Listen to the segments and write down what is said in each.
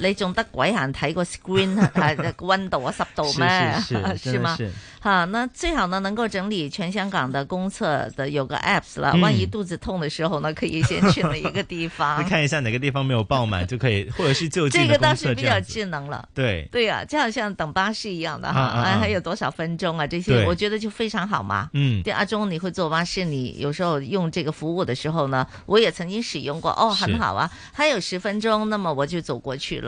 你仲得鬼行睇個 screen 啊，個溫度啊濕度咩？是嗎？哈，那最好呢能夠整理全香港的公廁的有個 apps 啦，嗯、萬一肚子痛的時候呢，可以先去哪一個地方？你 看一下哪個地方沒有爆滿就可以， 或者是就近的這。這個倒是比較智能了。對對啊，就好像等巴士一樣的哈，啊啊啊還有多少分鐘啊？這些我覺得就非常好嘛。嗯對，阿鍾、啊、你會坐巴士，你有時候用這個服務的時候呢，我也曾經使用過。哦，很好啊，是還有十分鐘，那麼我就走過去了。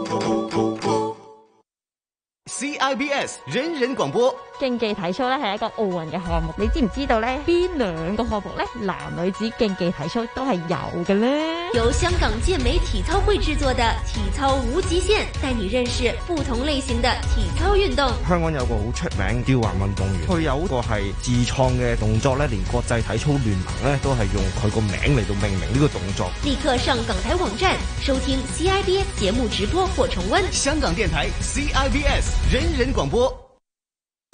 I B S 人人廣播。競技體操咧係一個奧運嘅項目，你知唔知道咧？邊兩個項目咧？男女子競技體操都係有嘅呢。由香港健美體操會製作的體操無極限，帶你認識不同類型的體操運動。香港有個好出名吊環運動員，佢有個係自創嘅動作咧，連國際體操聯盟咧都係用佢個名嚟到命名呢個動作。立刻上港台網站收聽 C I B S 節目直播或重温。香港電台 C I B S 人人。廣播，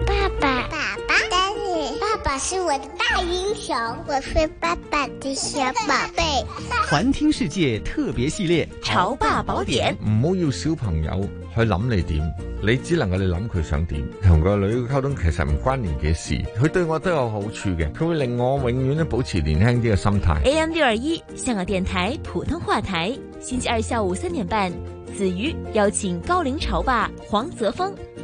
爸爸，爸爸你，是爸爸是我的大英雄，我是爸爸的小寶貝。環聽世界特別系列《潮爸寶典》，唔好要小朋友去諗你點，你只能夠你諗佢想點，同個女溝通其實唔關聯嘅事，佢對我都有好處嘅，佢會令我永遠都保持年輕啲嘅心態。AM 六二一香港電台普通話台，星期二下午三點半，梓瑜邀請高齡潮爸黃澤鋒。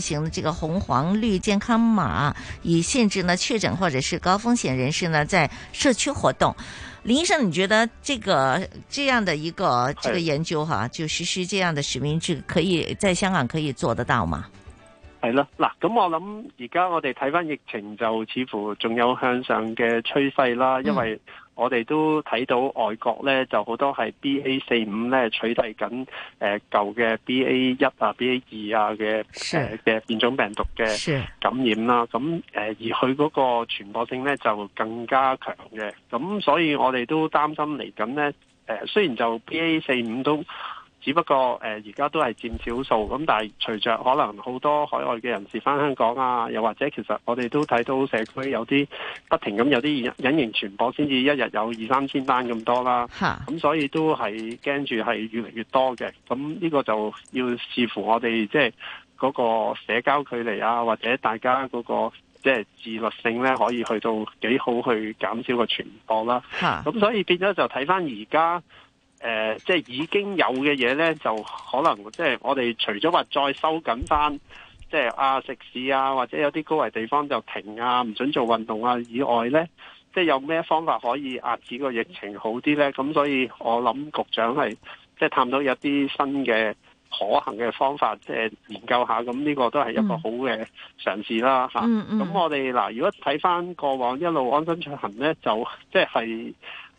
實行這個紅黃綠健康碼，以限制呢確診或者是高風險人士呢在社區活動。林醫生，你覺得這個這樣的一個這個研究哈，啊，就實施這樣的實名制，可以在香港可以做得到嗎？係咯，嗱，咁我諗，而家我哋睇翻疫情就似乎仲有向上嘅趨勢啦，因為。嗯我哋都睇到外國咧，就好多係 B A 四五咧取代緊誒、呃、舊嘅 B A 一啊、B A 二啊嘅嘅是、呃、變種病毒嘅感染啦。咁是、呃、而佢嗰個傳播性咧就更加強嘅。咁所以我哋都擔心嚟緊咧誒，雖然就 B A 四五都。只不過誒，而、呃、家都係佔少數咁，但係隨着可能好多海外嘅人士翻香港啊，又或者其實我哋都睇到社區有啲不停咁有啲隱形傳播，先至一日有二三千單咁多啦。咁所以都係驚住係越嚟越多嘅。咁呢個就要視乎我哋即係嗰個社交距離啊，或者大家嗰、個即係、即係、自律性呢，可以去到幾好去減少個傳播啦。咁所以變咗就睇翻而家。誒、呃，即係已經有嘅嘢呢，就可能即係我哋除咗話再收緊翻，即係啊食肆啊，或者有啲高危地方就停啊，唔准做運動啊，以外呢，即係有咩方法可以壓止個疫情好啲呢？咁所以我諗局長係即係探到一啲新嘅可行嘅方法，即係研究下，咁呢個都係一個好嘅嘗試啦。吓，咁我哋嗱、呃，如果睇翻過往一路安心出行呢，就即係。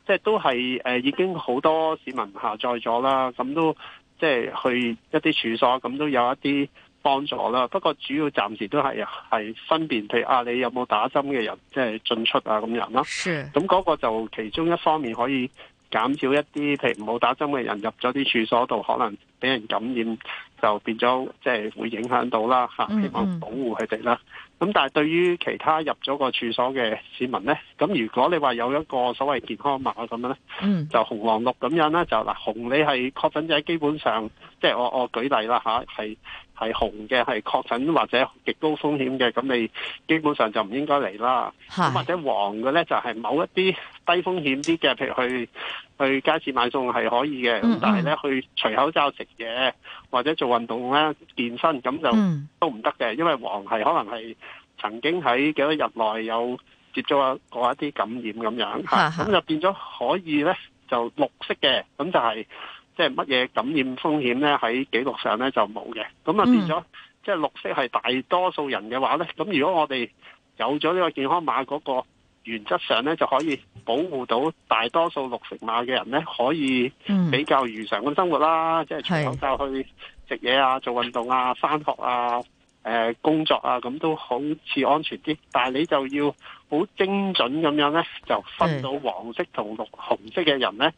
即係都係、呃、已經好多市民下載咗啦，咁都即係去一啲處所，咁都有一啲幫助啦。不過主要暫時都係係分辨，譬如啊，你有冇打針嘅人即係進出啊咁樣咯。咁嗰是個就其中一方面可以減少一啲，譬如冇打針嘅人入咗啲處所度，可能俾人感染就變咗，即係會影響到啦吓，希望保護佢哋啦。嗯嗯咁但係對於其他入咗個處所嘅市民呢，咁如果你話有一個所謂健康碼咁樣呢，mm. 樣呢，就紅黃綠咁樣啦，就嗱紅，你係確診者，基本上即係、就是、我我舉例啦吓，係。係紅嘅，係確診或者極高風險嘅，咁你基本上就唔應該嚟啦。咁的或者黃嘅呢，就係、是、某一啲低風險啲嘅，譬如去去街市買餸係可以嘅。嗯嗯但係呢，去除口罩食嘢或者做運動呢，健身，咁就都唔得嘅，嗯、因為黃係可能係曾經喺幾多日內有接觸過一啲感染咁樣。咁的就變咗可以呢，就綠色嘅，咁就係、是。即係乜嘢感染風險咧？喺記錄上咧就冇嘅，咁啊變咗即係綠色係大多數人嘅話咧，咁如果我哋有咗呢個健康碼嗰個原則上咧，就可以保護到大多數綠色碼嘅人咧，可以比較如常咁生活啦，嗯、即係除口罩去食嘢啊、是做運動啊、翻學啊、呃、工作啊，咁都好似安全啲。但係你就要好精準咁樣咧，就分到黃色同綠是紅色嘅人咧。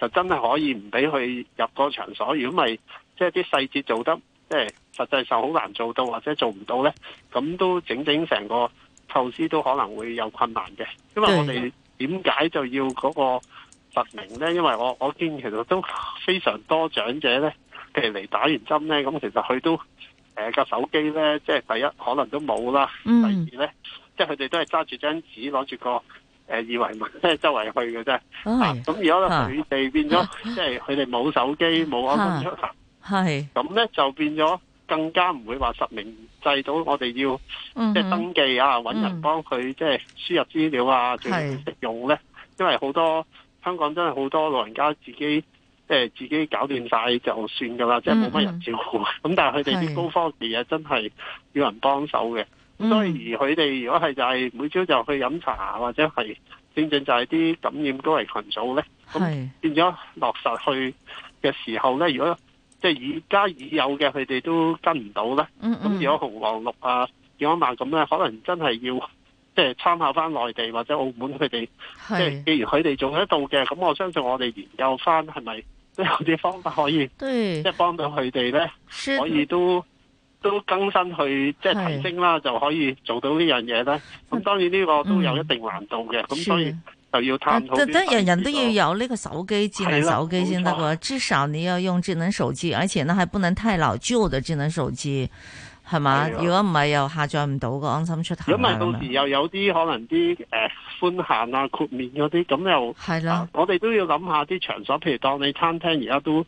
就真係可以唔俾佢入個場所，如果咪即係啲細節做得即係實際上好難做到或者做唔到呢，咁都整整成個構思都可能會有困難嘅。因為我哋點解就要嗰個實名呢？因為我我見其實都非常多長者呢，譬如嚟打完針呢，咁其實佢都誒個手機呢，即係第一可能都冇啦，第二呢，嗯，即係佢哋都係揸住張紙攞住個。誒二維碼，即係周圍去嘅啫。咁而家佢哋變咗，即係佢哋冇手機，冇安心出行。係咁咧，就變咗更加唔會話實名制到我哋要即係登記啊，揾人幫佢即係輸入資料啊，最適用咧。因為好多香港真係好多老人家自己即係自己搞掂晒就算㗎啦，即係冇乜人照顧。咁但係佢哋啲高科技啊，真係要人幫手嘅。嗯、所以而佢哋如果係就係每朝就去飲茶或者係正正就係啲感染高危群組咧，咁是變咗落實去嘅時候咧，如果即係而家已有嘅佢哋都跟唔到咧，咁、嗯嗯、如果紅黃綠啊，幾多碼咁咧，可能真係要即係參考翻內地或者澳門佢哋，即係是既然佢哋做得到嘅，咁我相信我哋研究翻係咪即係有啲方法可以，即係幫到佢哋咧，的可以都。都更新去即係提升啦，是就可以做到呢樣嘢啦。咁當然呢個都有一定難度嘅，咁、嗯、所以就要探討得人人都要有呢個手機智能手機先得個，至少你要用智能手機，而且呢還不能太老舊的智能手機，係嘛？如果唔係又下載唔到個安心出行。如果唔係到時又有啲可能啲誒，寬、呃、限啊、豁免嗰啲咁又係啦的、啊。我哋都要諗下啲場所，譬如當你餐廳而家都。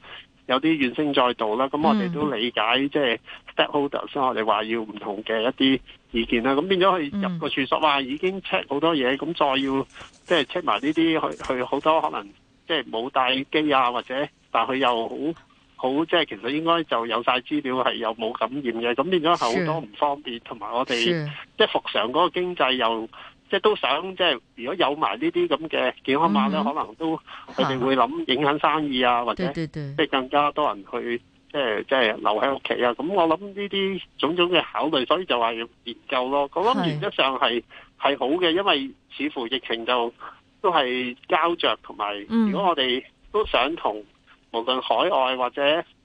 有啲怨聲載道啦，咁我哋都理解，mm. 即係 stakeholder 先，holders, 我哋話要唔同嘅一啲意見啦，咁變咗佢入個住所話、mm. 已經 check 好多嘢，咁再要即係 check 埋呢啲去去好多可能即係冇帶機啊，或者但佢又好好即係其實應該就有曬資料係又冇感染嘅，咁變咗好多唔方便，同埋的我哋的即係復常嗰個經濟又。即係都想，即係如果有埋呢啲咁嘅健康碼咧，嗯、哼可能都佢哋會諗影響生意啊，的或者即係更加多人去即係即係留喺屋企啊。咁我諗呢啲種種嘅考慮，所以就話要研究咯。我諗原則上係係的好嘅，因為似乎疫情就都係膠著同埋。嗯、如果我哋都想同無論海外或者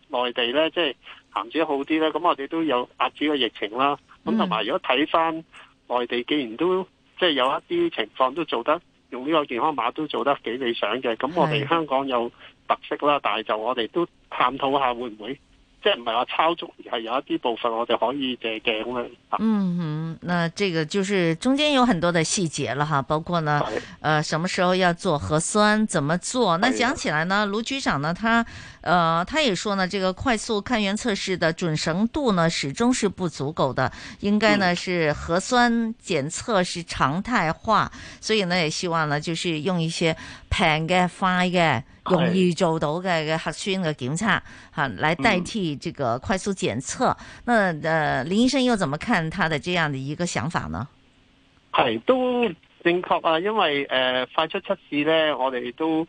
內地咧，即係行子好啲咧，咁我哋都有壓住嘅疫情啦。咁同埋如果睇翻內地，既然都即係有一啲情況都做得用呢個健康碼都做得幾理想嘅，咁我哋香港有特色啦，的但係就我哋都探討下會唔會，即係唔係話抄足，而係有一啲部分我哋可以借鏡嘅嚇。嗯哼，那呢個就係中間有很多嘅細節啦，吓，包括呢，的呃，什麼時候要做核酸，怎麼做？那講起來呢，的盧局長呢，他。呃，他也說呢，這個快速抗原測試的準繩度呢，始終是不足夠的，應該呢是核酸檢測是常態化，嗯、所以呢，也希望呢就是用一些平嘅、快嘅、容易做到嘅嘅核酸嘅檢測吓、啊，來代替這個快速檢測。嗯、那，呃，林醫生又怎麼看他的這樣的一個想法呢？係都正確啊，因為誒、呃、快速測試咧，我哋都。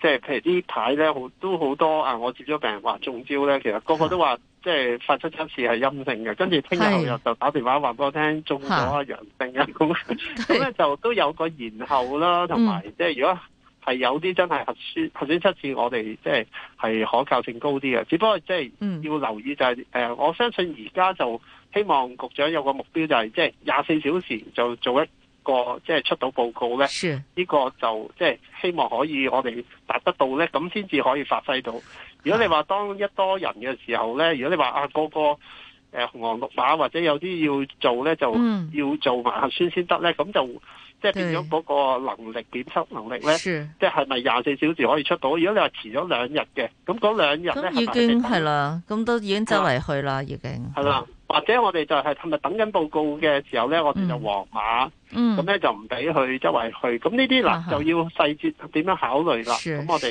即係譬如呢排咧，好都好多啊！我接咗病人話中招咧，其實個個都話即係發出測試係陰性嘅，跟住聽日後日就打電話話俾我聽中咗啊陽性啊咁，咁咧、啊、的 就都有個延後啦，同埋即係如果係有啲真係核酸核酸測試，七次我哋即係係可靠性高啲嘅，只不過即係要留意就係、是、誒、嗯呃，我相信而家就希望局長有個目標就係即係廿四小時就做一。個即係出到報告呢，呢是個就即係希望可以我哋達得到呢。咁先至可以發揮到。如果你話當一多人嘅時候呢，是如果你話啊個個誒、呃、紅黃綠碼或者有啲要做呢，就要做核酸先得呢。咁、嗯、就即係變咗嗰個能力對檢測能力呢，是即係係咪廿四小時可以出到？如果你話遲咗兩日嘅，咁嗰兩日呢、嗯、已經係啦，咁都已經周圍去啦，已經係啦。的的或者我哋就係係咪等緊報告嘅時候咧？我哋就黃碼，咁咧、嗯嗯、就唔俾去周圍去。咁呢啲嗱就要細節點樣、啊、考慮啦。咁我哋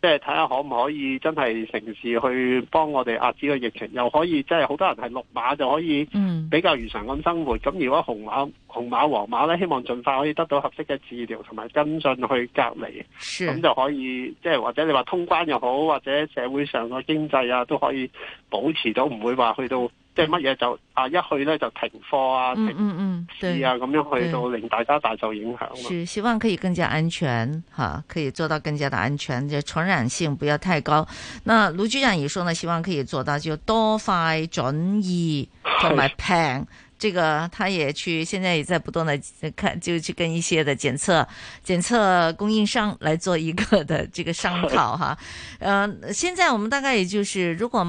即係睇下可唔可以真係城市去幫我哋遏止個疫情，又可以即係好多人係綠碼就可以比較如常咁生活。咁、嗯、如果紅碼、紅碼黃碼咧，希望盡快可以得到合適嘅治療，同埋跟進去隔離，咁是就可以即係、就是、或者你話通關又好，或者社會上個經濟啊都可以保持到，唔、嗯、會話去到。即係乜嘢就啊一去咧就停課啊停市啊咁、嗯嗯嗯、樣去到令大家大受影響。是希望可以更加安全吓、啊，可以做到更加的安全，就傳染性不要太高。那盧局長也說呢，希望可以做到就多快準易，同埋平。這個他也去，現在也在不斷的看，就去跟一些的檢測檢測供應商來做一個的這個商討哈。呃是現在我們大概也就是如果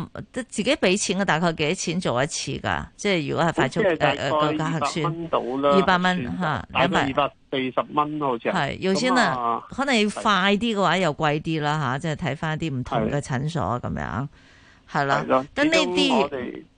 自己俾錢嘅大概幾多錢做一次噶？即係如果係快速誒誒核酸二百蚊到啦，百二百四十蚊好似係。有些啦，啊、可能要快啲嘅話又貴啲啦吓，即係睇翻啲唔同嘅診所咁樣，係啦的。咁呢啲。的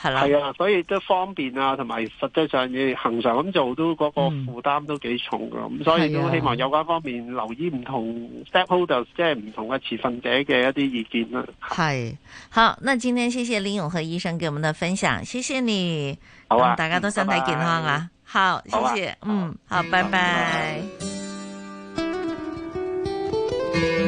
係啦，係啊，所以都方便啊，同埋實際上要恒常咁做的都的，都嗰個負擔都幾重噶，咁所以都希望有關方面留意唔同 stakeholder 就的即係唔同嘅持份者嘅一啲意見啦。係好，那今天謝謝林永和醫生給我們的分享，謝謝你，好、啊、大家都身體健康啊，拜拜好，謝謝好啊，嗯，好，好好拜拜。拜拜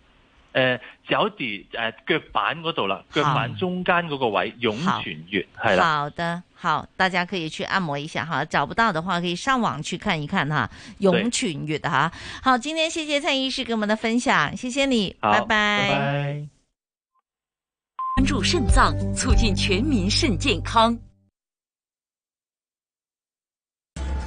誒，腳底誒，腳板嗰度啦，腳板中間嗰個位湧泉穴係啦。好的，好，大家可以去按摩一下哈，找不到的話可以上網去看一看哈，湧泉穴哈。對好，今天謝謝蔡醫師給我們的分享，謝謝你，好拜拜。拜拜，關注腎臟，促進全民腎健康。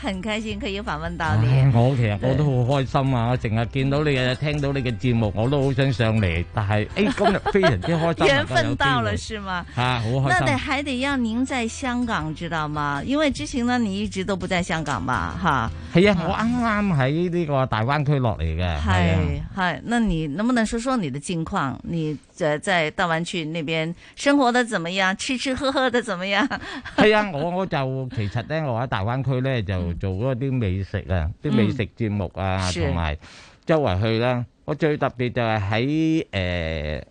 很開心可以訪問到你，哎、我其實我都好開心啊！我成日見到你，聽到你嘅節目，我都好想上嚟。但係，哎，今日非常之開心，香 緣分到了是嗎？好、啊、開心。那得還得要您在香港，知道嗎？因為之前呢，你一直都不在香港嘛，哈、啊。係啊，我啱啱喺呢個大灣區落嚟嘅。係係、啊，那你能不能說說你的近況？你？在在大灣區那邊生活得怎麼樣？吃吃喝喝得怎麼樣？係啊，我我就其實咧，我喺大灣區咧就做嗰啲美食啊，啲美食節目啊，同埋周圍去啦。我最特別就係喺誒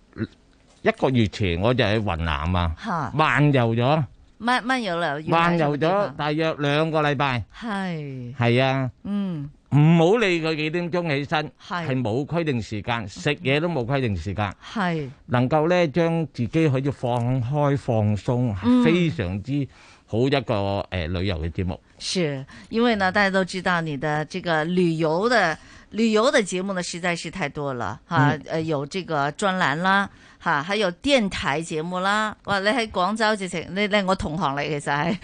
一個月前，我就喺雲南啊，漫遊咗。漫漫遊啦？漫遊咗大約兩個禮拜。係係啊。嗯。唔好理佢幾點鐘起身，係冇是規定時間，食嘢都冇規定時間，係是能夠咧將自己可以放開放鬆，嗯、非常之好一個誒旅遊嘅節目。是，因為呢，大家都知道你的這個旅遊的旅遊的節目呢，實在是太多了，誒、嗯啊、有這個專欄啦，哈、啊，還有電台節目啦。哇，你喺廣州直情，你你我同行嚟，其實係。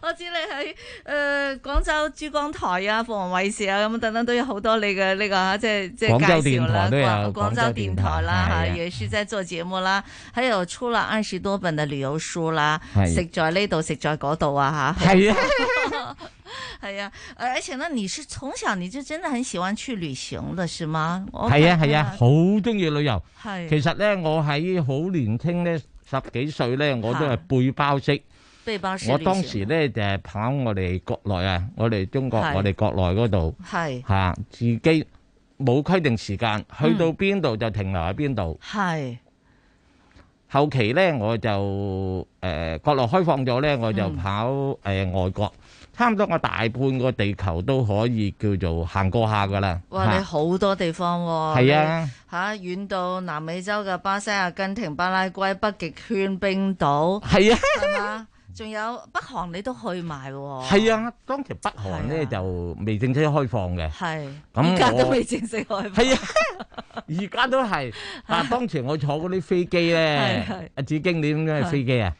我知你喺誒廣州珠江台啊，鳳凰衛視啊，咁等等都有好多你嘅呢個即係即係介紹啦。廣州電台都有。廣州電台啦，吓也是在做節目啦。喺度出了二十多本嘅旅遊書啦，食在呢度食在嗰度啊，吓。係啊，係啊，而且呢，你是從小你就真的很喜歡去旅行的，是嗎？係啊係啊，好中意旅遊。係。其實咧，我喺好年輕呢，十幾歲咧，我都係背包式。我當時咧就係跑我哋國內啊，我哋中國，我哋國內嗰度嚇，自己冇規定時間，去到邊度就停留喺邊度。係後期咧，我就誒國內開放咗咧，我就跑誒外國，差唔多我大半個地球都可以叫做行過下㗎喇。哇！你好多地方喎，係啊嚇，遠到南美洲嘅巴西、阿根廷、巴拉圭、北極圈、冰島，係啊。仲有北韓你都去埋喎，係啊！當時北韓咧就未正式開放嘅，係咁而家都未正式開放。係啊，而家都係。啊，當時我坐嗰啲飛機咧，阿紫荊，你點解係飛機啊？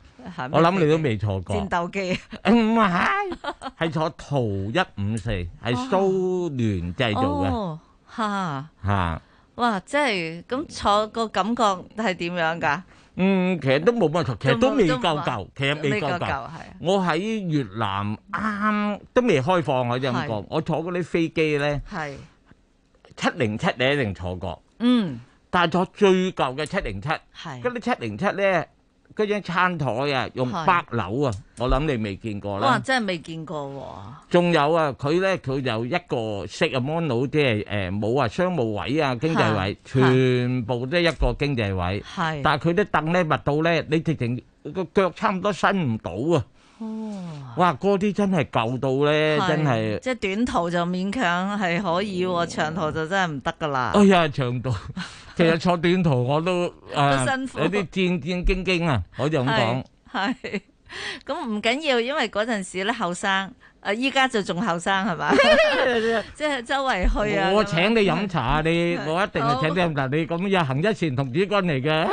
我諗你都未坐過戰鬥機。唔係，係坐圖一五四，係蘇聯製造嘅。嚇嚇，哇！即係咁坐個感覺係點樣㗎？嗯，其實都冇乜錯，其實都未夠舊，其實未夠舊。我喺越南啱都未開放啊，我就咁講。我坐嗰啲飛機咧，七零七你一定坐過。嗯，但係坐最舊嘅七零七，嗰啲七零七咧。嗰張餐枱啊，用木柳啊，我諗你未見過啦。哇！真係未見過喎。仲有啊，佢咧佢就一個式啊，model 即係誒冇話商務位啊，經濟位，全部都係一個經濟位。係。但係佢啲凳咧密到咧，你直情個腳差唔多伸唔到啊！哇，嗰啲真係舊到咧，真係。即係短途就勉強係可以，長途就真係唔得噶啦。哎呀，長途其實坐短途我都辛苦。有啲戰戰兢兢啊，我就咁講。係，咁唔緊要，因為嗰陣時咧後生，誒依家就仲後生係嘛，即係周圍去啊。我請你飲茶，你我一定係請你飲茶。你咁一行一前同子君嚟嘅。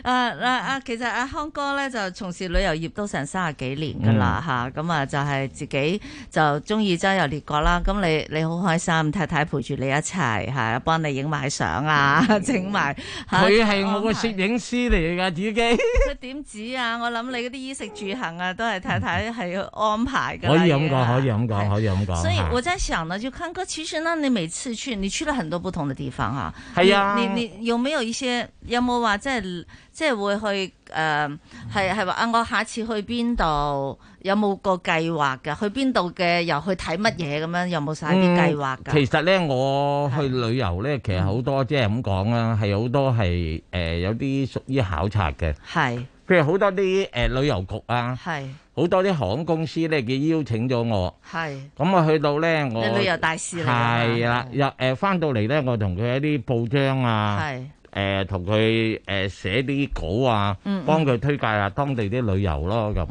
啊嗱啊，啊，其實阿、啊、康哥咧就從事旅遊業都成三十幾年噶啦嚇，咁、嗯、啊，啊就係、是、自己就中意周遊列國啦。咁、啊啊、你你好開心，太太陪住你一齊嚇、啊，幫你影埋相啊，整埋佢係我個攝影師嚟㗎自己。佢點排止啊？我諗你嗰啲衣食住行啊，都係太太係要安排㗎、嗯啊。可以咁講，可以咁講是，可以咁講。所以我真係想啊，康哥，其實呢你每次去，你去咗很多不同嘅地方啊。係啊，你你有冇？有一些，有冇話即係即係會去誒，係係話啊！我下次去邊度有冇個計劃㗎？去邊度嘅，又去睇乜嘢咁樣？有冇曬啲計劃㗎？其實咧，我去旅遊咧，其實好多即係咁講啦，係好多係誒有啲屬於考察嘅。係。譬如好多啲誒旅遊局啊，係。好多啲航空公司咧，佢邀請咗我。係。咁我去到咧，我。你旅遊大使嚟㗎。係啦，又誒返到嚟咧，我同佢一啲報章啊。係。誒，同佢誒寫啲稿啊，幫佢推介下，啊、當地啲旅遊咯，咁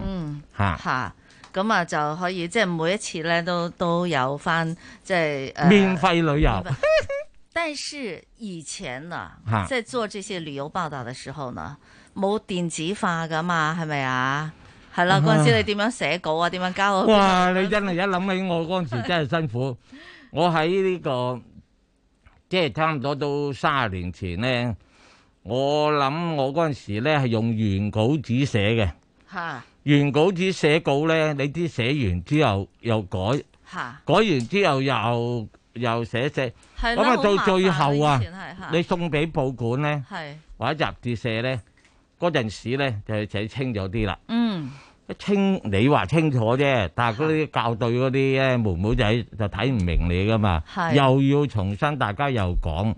吓。咁啊就可以，即係每一次咧都都有翻，即係。呃、免費旅遊。 但是以前啊，即係做這些旅遊報道嘅時候呢，冇是電子化噶嘛，係咪啊？係啦，嗰陣時你點樣寫稿啊？點樣交啊？哇！你真係一諗起我嗰陣時真係辛苦。啊、我喺呢、這個。即係差唔多到卅年前咧，我諗我嗰陣時咧係用原稿紙寫嘅。係原稿紙寫稿咧，你啲寫完之後又改，改完之後又又寫寫，咁啊到最後啊，你送俾報館咧，或者雜誌社咧，嗰陣時咧就寫清咗啲啦。嗯。清你話清楚啫，但係嗰啲校對嗰啲咧，妹妹仔就睇唔明你噶嘛，是又要重新大家又講，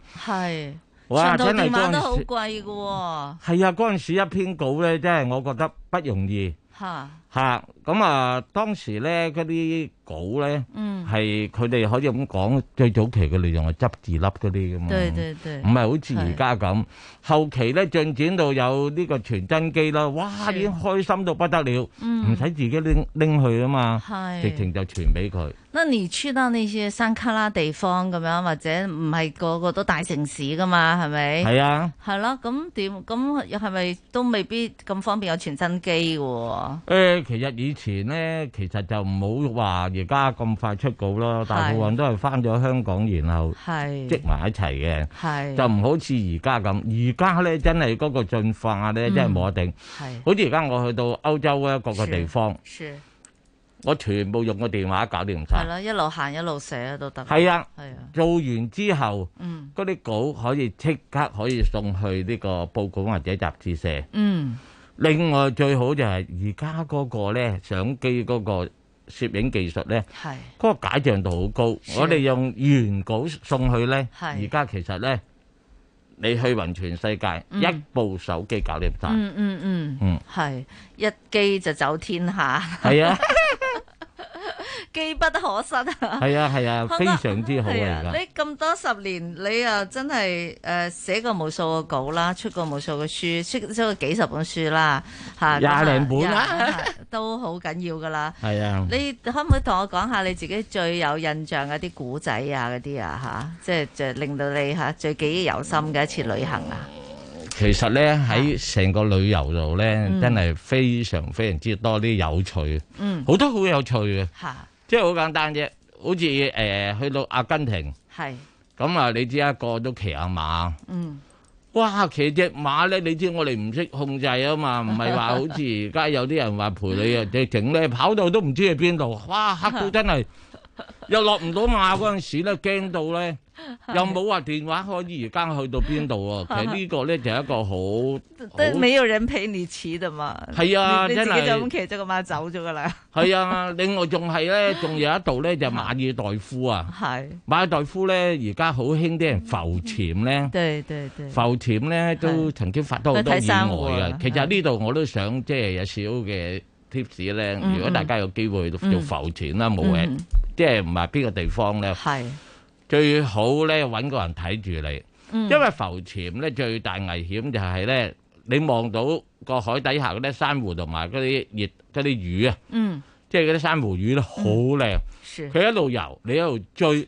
長度字碼都好貴嘅喎。哦。係啊，嗰陣時一篇稿咧，真係我覺得不容易嚇。吓咁啊！當時咧嗰啲稿咧，係佢哋可以咁講，最早期嘅內容係執字粒嗰啲噶嘛，對對對，唔係好似而家咁。後期咧進展到有呢個傳真機啦，哇！已經開心到不得了，唔使自己拎拎去啊嘛，直情就傳俾佢。那你出到呢啲山旮旯地方咁樣，或者唔係個個都大城市噶嘛，係咪？係啊。係咯，咁點？咁又係咪都未必咁方便有傳真機嘅？誒。其實以前咧，其實就唔好話而家咁快出稿咯，大部分都係返咗香港，然後積埋一齊嘅，就唔好似而家咁。而家咧真係嗰個進化咧，真係冇得定。係，好似而家我去到歐洲咧，各個地方，我全部用個電話搞掂曬，係啦，一路行一路寫都得。係啊，係啊，做完之後，嗰啲稿可以即刻可以送去呢個報館或者雜誌社。嗯。另外最好就係而家嗰個咧，相機嗰個攝影技術咧，嗰個解像度好高。我哋用原稿送去咧，而家其實咧，你去勻全世界，一部手機搞掂晒。嗯嗯嗯，嗯，係一機就走天下。係啊。機不可失啊！係啊係啊，非常之好嚟噶。你咁多十年，你又真係誒寫過無數嘅稿啦，出過無數嘅書，出出過幾十本書啦，吓廿零本啦，都好緊要噶啦。係啊！你可唔可以同我講下你自己最有印象一啲古仔啊？嗰啲啊吓，即係就令到你吓最記憶猶深嘅一次旅行啊？其實咧，喺成個旅遊度咧，真係非常非常之多啲有趣。嗯，好多好有趣嘅。即係好簡單啫，好似誒去到阿根廷，咁啊你知個個都騎下馬，哇騎隻馬咧，你知我哋唔識控制啊嘛，唔係話好似而家有啲人話陪你啊，直程咧跑到都唔知去邊度，哇嚇到真係又落唔到馬嗰陣時咧，驚到咧。又冇話電話可以而家去到邊度啊？其實呢個咧就係一個好，都沒有人陪你騎㗎嘛。係啊，真係自己咁騎咗個馬走咗噶啦。係啊，另外仲係咧，仲有一度咧就馬爾代夫啊。係馬爾代夫咧，而家好興啲人浮潛咧。對對對，浮潛咧都曾經發多好多意外噶。其實呢度我都想即係有少嘅 tips 咧。如果大家有機會做浮潛啦，冇嘢，即係唔係邊個地方咧？係。最好咧揾個人睇住你，因為浮潛咧最大危險就係咧，你望到個海底下嗰啲珊瑚同埋嗰啲熱嗰啲魚啊，即係嗰啲珊瑚魚咧好靚，佢一路遊，你一路追，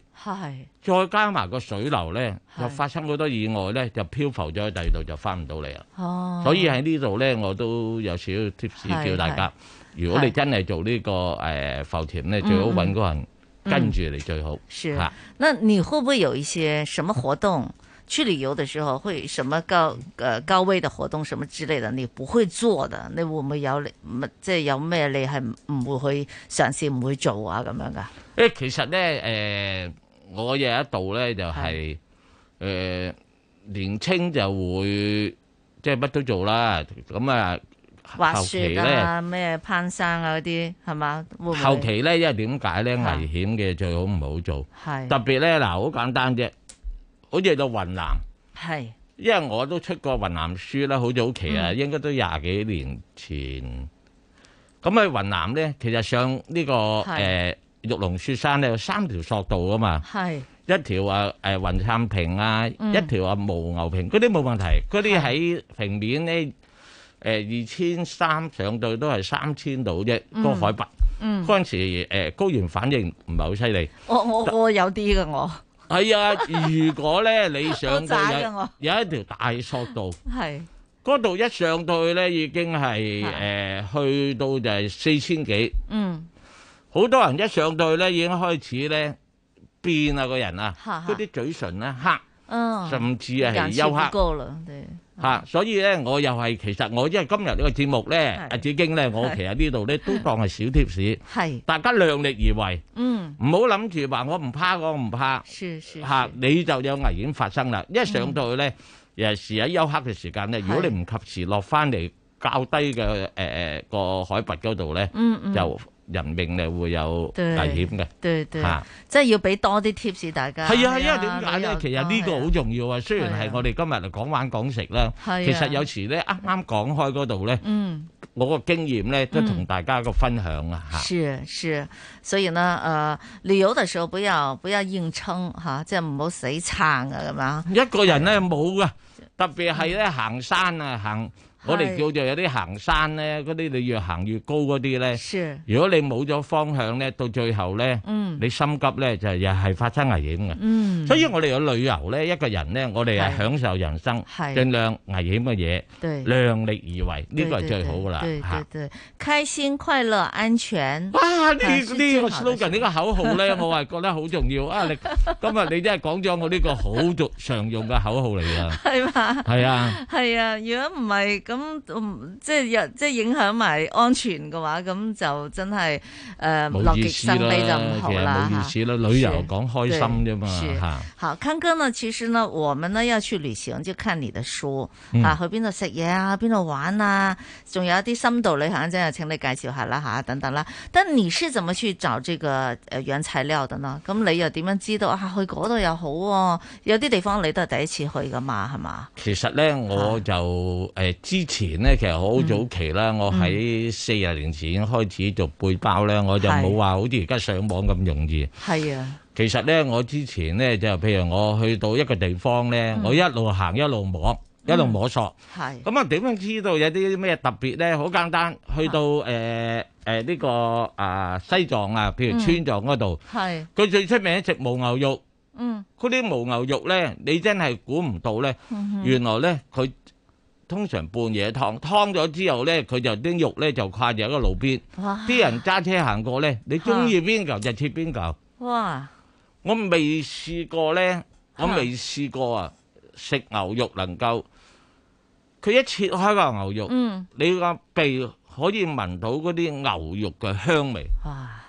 再加埋個水流咧，就發生好多意外咧，就漂浮咗喺第二度就翻唔到嚟啊。所以喺呢度咧，我都有少少貼士叫大家，如果你真係做呢個誒浮潛咧，最好揾個人。跟住你最好、嗯。是，那你會唔會有一些什麼活動？ 去旅遊的時候會什麼高，誒、呃、高危的活動，什麼之類的你不會做的，你會唔會有？唔即係有咩？你係唔會去嘗試，唔會做啊？咁樣噶？誒、欸，其實呢，誒、呃，我有一度呢，就係、是，誒、啊呃，年青就會即係乜都做啦，咁啊。滑雪啊，咩攀山啊嗰啲係嘛？後期咧，因為點解咧，危險嘅最好唔好做。係特別咧，嗱，好簡單啫，好似去到雲南。係，因為我都出過雲南書啦，好早期啊，應該都廿幾年前。咁去雲南咧，其實上呢個誒，玉龍雪山咧有三條索道啊嘛。係一條啊，誒，雲杉坪啊，一條啊牦牛坪，嗰啲冇問題，嗰啲喺平面咧。誒，二千三上到都係三千度啫，嗰海拔。嗯。嗰陣時誒，高原反應唔係好犀利。我我我有啲嘅我。係啊，如果咧你上到有有一條大索道。係。嗰度一上到去咧，已經係誒去到就係四千幾。嗯。好多人一上到去咧，已經開始咧變啊個人啊，嗰啲嘴唇咧黑。嗯。甚至係休克。啊，所以咧，我又係其實我因為今日呢個節目咧，阿子矜咧，我其實呢度咧都當係小貼士，係大家量力而為。嗯，唔好諗住話我唔怕我唔怕，是是嚇你就有危險發生啦，一上到去咧誒時喺休克嘅時間咧，如果你唔及時落翻嚟較低嘅誒誒個海拔嗰度咧，嗯嗯就。人命嚟會有危險嘅，對對，嚇，即係要俾多啲貼士大家。係啊係啊，點解咧？其實呢個好重要啊。雖然係我哋今日講玩講食啦，其實有時咧啱啱講開嗰度咧，我個經驗咧都同大家個分享啊嚇。是是，所以呢誒，旅遊嘅時候不要不要硬撐嚇，即係唔好死撐啊咁樣。一個人咧冇噶，特別係咧行山啊行。我哋叫做有啲行山咧，嗰啲你越行越高嗰啲咧。是。如果你冇咗方向咧，到最後咧，嗯，你心急咧就又係發生危險嘅。嗯。所以我哋去旅遊咧，一個人咧，我哋係享受人生，係，儘量危險嘅嘢，對，量力而為，呢個係最好噶啦。嚇！對，對，對，開心、快樂、安全。哇！呢呢個 slogan 呢個口號咧，我係覺得好重要啊！你今日你真係講咗我呢個好常常用嘅口號嚟㗎。係嘛？係啊。係啊，如果唔係。咁、嗯、即係又即係影響埋安全嘅話，咁就真係誒，落、呃、極心機就唔好啦，如此啦，是旅遊講開心啫嘛吓。好，康哥呢，其實呢，我們呢要去旅行就看你的書、嗯、啊，去邊度食嘢啊，邊度玩啊，仲有一啲深度旅行真係請你介紹下啦吓，等等啦。但你是怎麼去找這個誒原材料的呢？咁你又點樣知道啊？去嗰度又好、啊，有啲地方你都係第一次去噶嘛，係嘛？其實咧，我就誒、啊呃、知。之前咧，其實好早期啦，我喺四十年前開始做背包咧，我就冇話好似而家上網咁容易。係啊，其實咧，我之前咧就譬如我去到一個地方咧，我一路行一路摸，一路摸索。係。咁啊，點樣知道有啲咩特別咧？好簡單，去到誒誒呢個啊西藏啊，譬如川藏嗰度。係。佢最出名咧，食牦牛肉。嗯。嗰啲牦牛肉咧，你真係估唔到咧。原來咧，佢。通常半夜劏劏咗之後咧，佢就啲肉咧就掛住喺個路邊。哇！啲人揸車行過咧，你中意邊嚿就切邊嚿。哇！我未試過咧，我未試過啊！食、啊、牛肉能夠，佢一切開個牛肉，嗯，你個鼻可以聞到嗰啲牛肉嘅香味。哇！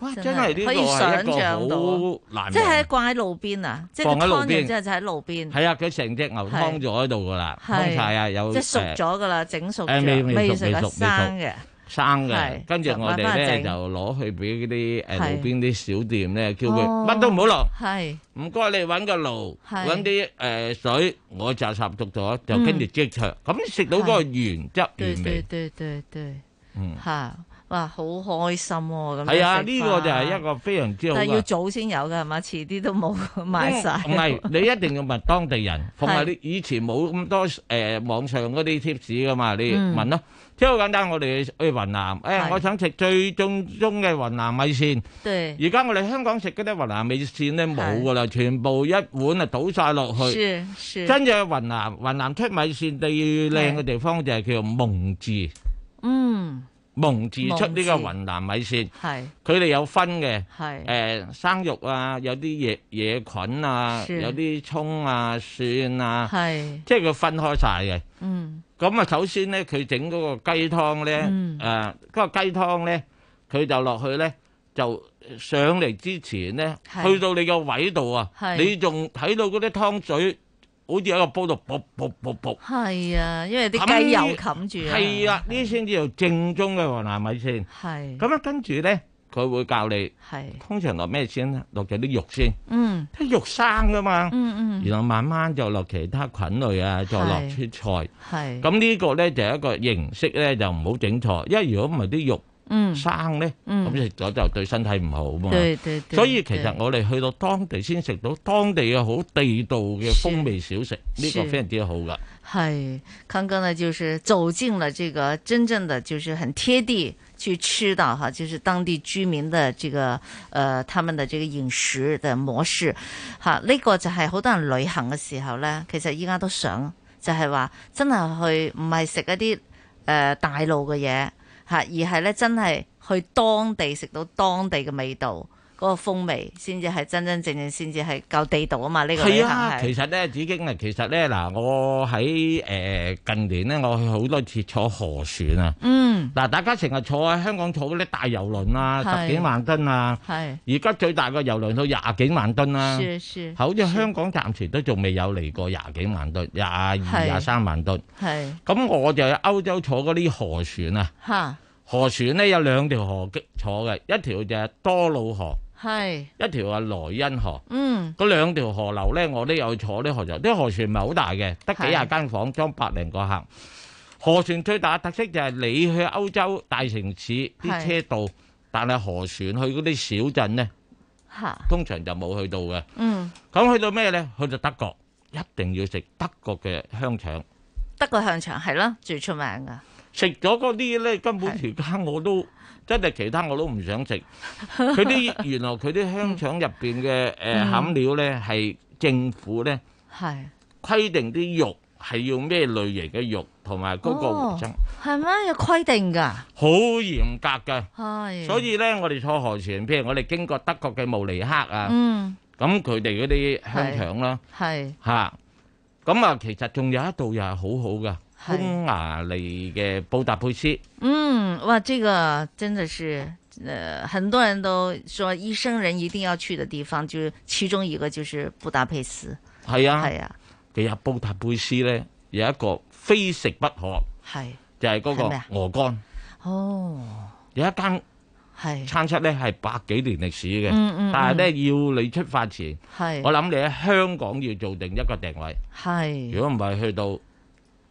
哇！真係呢個係一個好難，即係掛喺路邊啊！即係放喺路邊，即係就喺路邊。係啊，佢成隻牛劏咗喺度噶啦，劏晒啊，有即係熟咗噶啦，整熟。誒，未未熟未熟未熟嘅生嘅，跟住我哋咧就攞去俾嗰啲誒路邊啲小店咧，叫佢乜都唔好落，係唔該你揾個爐，揾啲誒水，我就插熟咗，就跟住即場咁食到嗰個原汁原味。對對對對對，嗯，吓。哇，好開心喎！咁係啊，呢個就係一個非常之好。但係要早先有噶係嘛，遲啲都冇賣晒。唔係，你一定要問當地人，同埋你以前冇咁多誒網上嗰啲貼士噶嘛，你問咯。即係好簡單，我哋去雲南，誒，我想食最正宗嘅雲南米線。對。而家我哋香港食嗰啲雲南米線咧冇噶啦，全部一碗啊倒晒落去。是是。真正雲南雲南出米線最靚嘅地方就係叫蒙自。嗯。蒙自出呢個雲南米線，佢哋自有分嘅，誒是、呃、生肉啊，有啲野野菌啊，是有啲葱啊、蒜啊，是即係佢分開晒嘅。咁啊、嗯，首先咧，佢整嗰個雞湯咧，誒嗰、嗯呃嗰個雞湯咧，佢就落去咧，就上嚟之前咧，是去到你個位度啊，是你仲睇到嗰啲湯水。好似喺個煲度卜卜卜卜，係啊，因為啲雞油冚住啊，係啊，呢啲先至叫正宗嘅雲南米線。係，咁咧跟住咧，佢會教你，係通常落咩先咧？落咗啲肉先，嗯，啲肉生噶嘛，嗯嗯，然後慢慢就落其他菌類啊，再落啲菜，係，咁呢個咧就係一個形式咧，就唔好整錯，因為如果唔係啲肉。生咧，咁食咗就對身體唔好嘛。對對對，所以其實我哋去到當地先食到當地嘅好地道嘅風味小食，呢個非常之好㗎。係，康哥呢，就是走進了這個真正的，就是很貼地去吃到哈，就是當地居民的這個，誒、呃，他們的這個飲食的模式，吓、啊、呢、這個就係好多人旅行嘅時候咧，其實依家都想，就係、是、話真係去唔係食一啲誒、呃、大陸嘅嘢。嚇！而係咧，真係去當地食到當地嘅味道。嗰個風味先至係真真正正，先至係夠地道啊！嘛，呢、這個係啊，其實咧，子矜啊，其實咧嗱，我喺誒、呃、近年咧，我去好多次坐河船啊。嗯。嗱，大家成日坐喺香港坐嗰啲大遊輪啊，是十幾萬噸啊。係。而家最大嘅遊輪到廿幾萬噸啊。是是。好似香港暫時都仲未有嚟過廿幾萬噸，廿二、廿三萬噸。係。咁我就喺歐洲坐嗰啲河船啊。嚇哈。河船咧有兩條河機坐嘅，一條就係多瑙河。係一條啊萊茵河，嗯，嗰、嗯、兩條河流咧，我都有坐啲河，河船，啲河船唔係好大嘅，得幾廿間房，裝是百零個客。河船最大嘅特色就係你去歐洲大城市啲車道，是但係河船去嗰啲小鎮咧，嚇哈，通常就冇去到嘅。嗯，咁去到咩咧？去到德國，一定要食德國嘅香腸。德國香腸係咯，最出名噶。食咗嗰啲咧，根本其他我都真係其他我都唔想食。佢啲原來佢啲香腸入邊嘅誒餡料咧，係政府咧規定啲肉係要咩類型嘅肉同埋嗰個質，係咩要規定㗎？好嚴格㗎，所以咧我哋坐河船，譬如我哋經過德國嘅慕尼黑啊，咁佢哋嗰啲香腸啦，嚇咁啊，其實仲有一度又係好好嘅。匈是牙利嘅布達佩斯，嗯，哇，這個真的是，誒、呃，很多人都說一生人一定要去嘅地方，就其中一個就是布達佩斯。係啊，係啊，其實布達佩斯呢，有一個非食不可，係是，就係嗰個鵝肝。哦，有一間餐室呢，係是百幾年歷史嘅，嗯嗯嗯，但係呢，要你出發前，係是，我諗你喺香港要做定一個定位，係是，如果唔係去到。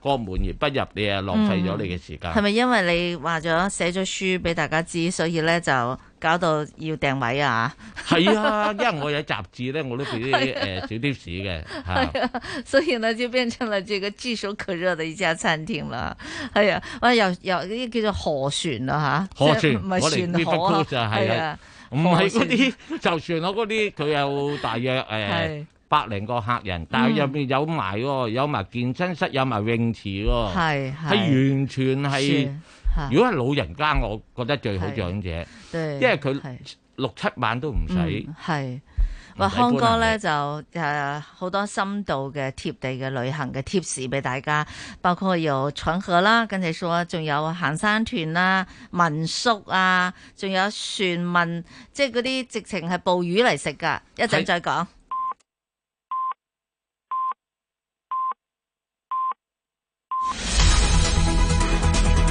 我門而不入你啊！浪費咗你嘅時間。係咪、嗯、因為你話咗寫咗書俾大家知道，所以咧就搞到要訂位啊？係 啊，因為我有雜誌咧，我都俾啲小貼士嘅嚇。所以呢，就變成了這個炙手可熱的一家餐廳啦。係啊，哇！又又啲叫做河船啦、啊、河船唔係船河嚇。係、就是、啊，唔係嗰啲，就算我嗰啲，佢有大約 百零個客人，但係入面有埋、嗯、有埋健身室，有埋泳池，係係完全係。如果係老人家，我覺得最好長者，對，因為佢六七晚都唔使。係話康哥咧就誒好多深度嘅貼地嘅旅行嘅貼士俾大家，包括有長河啦，跟住說仲有行山團啦、民宿啊，仲有船民，即係嗰啲直情係捕魚嚟食噶。一陣再講。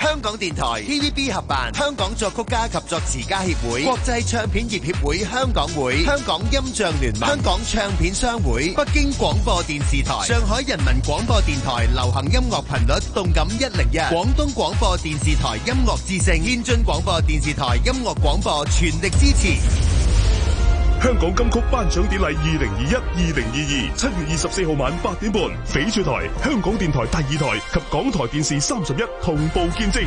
香港電台、TVB 合辦，香港作曲家及作詞家協會、國際唱片業協會香港會、香港音像聯盟、香港唱片商會、北京廣播電視台、上海人民廣播電台流行音樂頻率動感一零一、廣東廣播電視台音樂之聲、天津廣播電視台音樂廣播全力支持。香港金曲頒獎典禮二零二一二零二二七月二十四號晚八點半，翡翠台、香港電台第二台及港台電視三十一同步見證。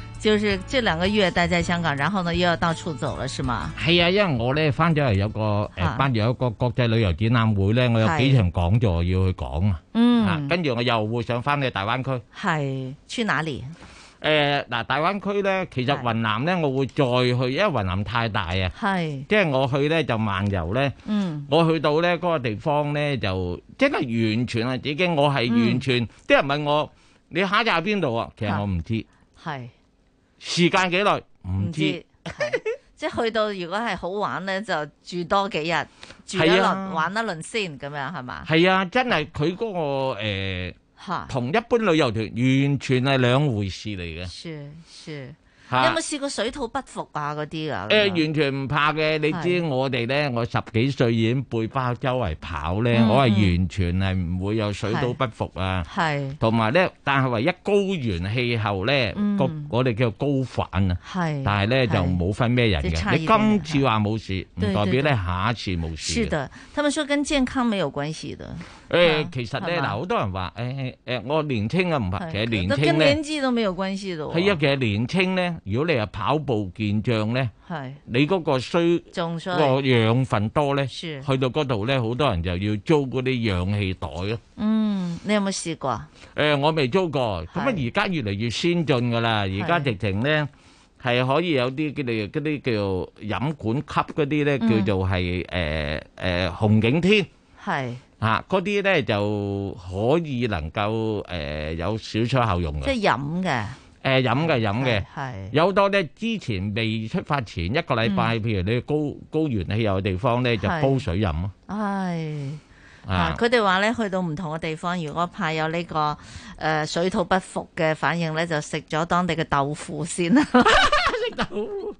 就是這兩個月待在香港，然後呢又要到處走了，是嗎？係啊，因為我咧翻咗嚟有個誒，翻、呃、住有一個國際旅遊展覽會咧，是我有幾場講座要去講、嗯、啊。嗯，跟住我又會想翻去大灣區。係去哪裏？誒嗱、呃呃，大灣區呢其實雲南呢是我會再去，因為雲南太大啊。係是即係我去呢就漫遊咧。嗯，我去到咧、嗰個地方呢就即係完全係已經我係完全啲、嗯、人問我你下一站喺邊度啊？其實我唔知係。是是時間幾耐？唔知 是，即係去到如果係好玩咧，就住多幾日，住一輪、啊、玩一輪先咁樣係嘛？係啊，真係佢嗰個誒，同、呃、 一般旅遊團完全係兩回事嚟嘅。是是。有冇試過水土不服啊？嗰啲啊？誒，完全唔怕嘅。你知我哋咧，我十幾歲已經背包周圍跑咧，我係完全係唔會有水土不服啊。係。同埋咧，但係唯一高原氣候咧，個我哋叫做高反啊。係。但係咧就冇分咩人嘅，你今次話冇事，唔代表咧下一次冇事。是的，他們說跟健康沒有關係的。誒其實咧，嗱，好多人話誒誒，我年青啊唔怕。其實年青咧，都跟年紀都冇關係嘅喎。係，其實年青咧，如果你係跑步健將咧，係你嗰個需個氧分多咧，去到嗰度咧，好多人就要租嗰啲氧氣袋咯。嗯，你有冇試過啊？誒，我未租過。咁啊，而家越嚟越先進噶啦。而家直情咧係可以有啲叫做嗰啲叫飲管吸嗰啲咧，叫做係誒誒紅景天係。啊，嗰啲咧就可以能夠誒有少少效用嘅。即係飲嘅。誒飲嘅飲嘅。係。有好多咧，之前未出發前一個禮拜，譬如你高高原氣候嘅地方咧，就煲水飲咯。係。啊！佢哋話咧，去到唔同嘅地方，如果怕有呢個誒水土不服嘅反應咧，就食咗當地嘅豆腐先啦。食豆腐。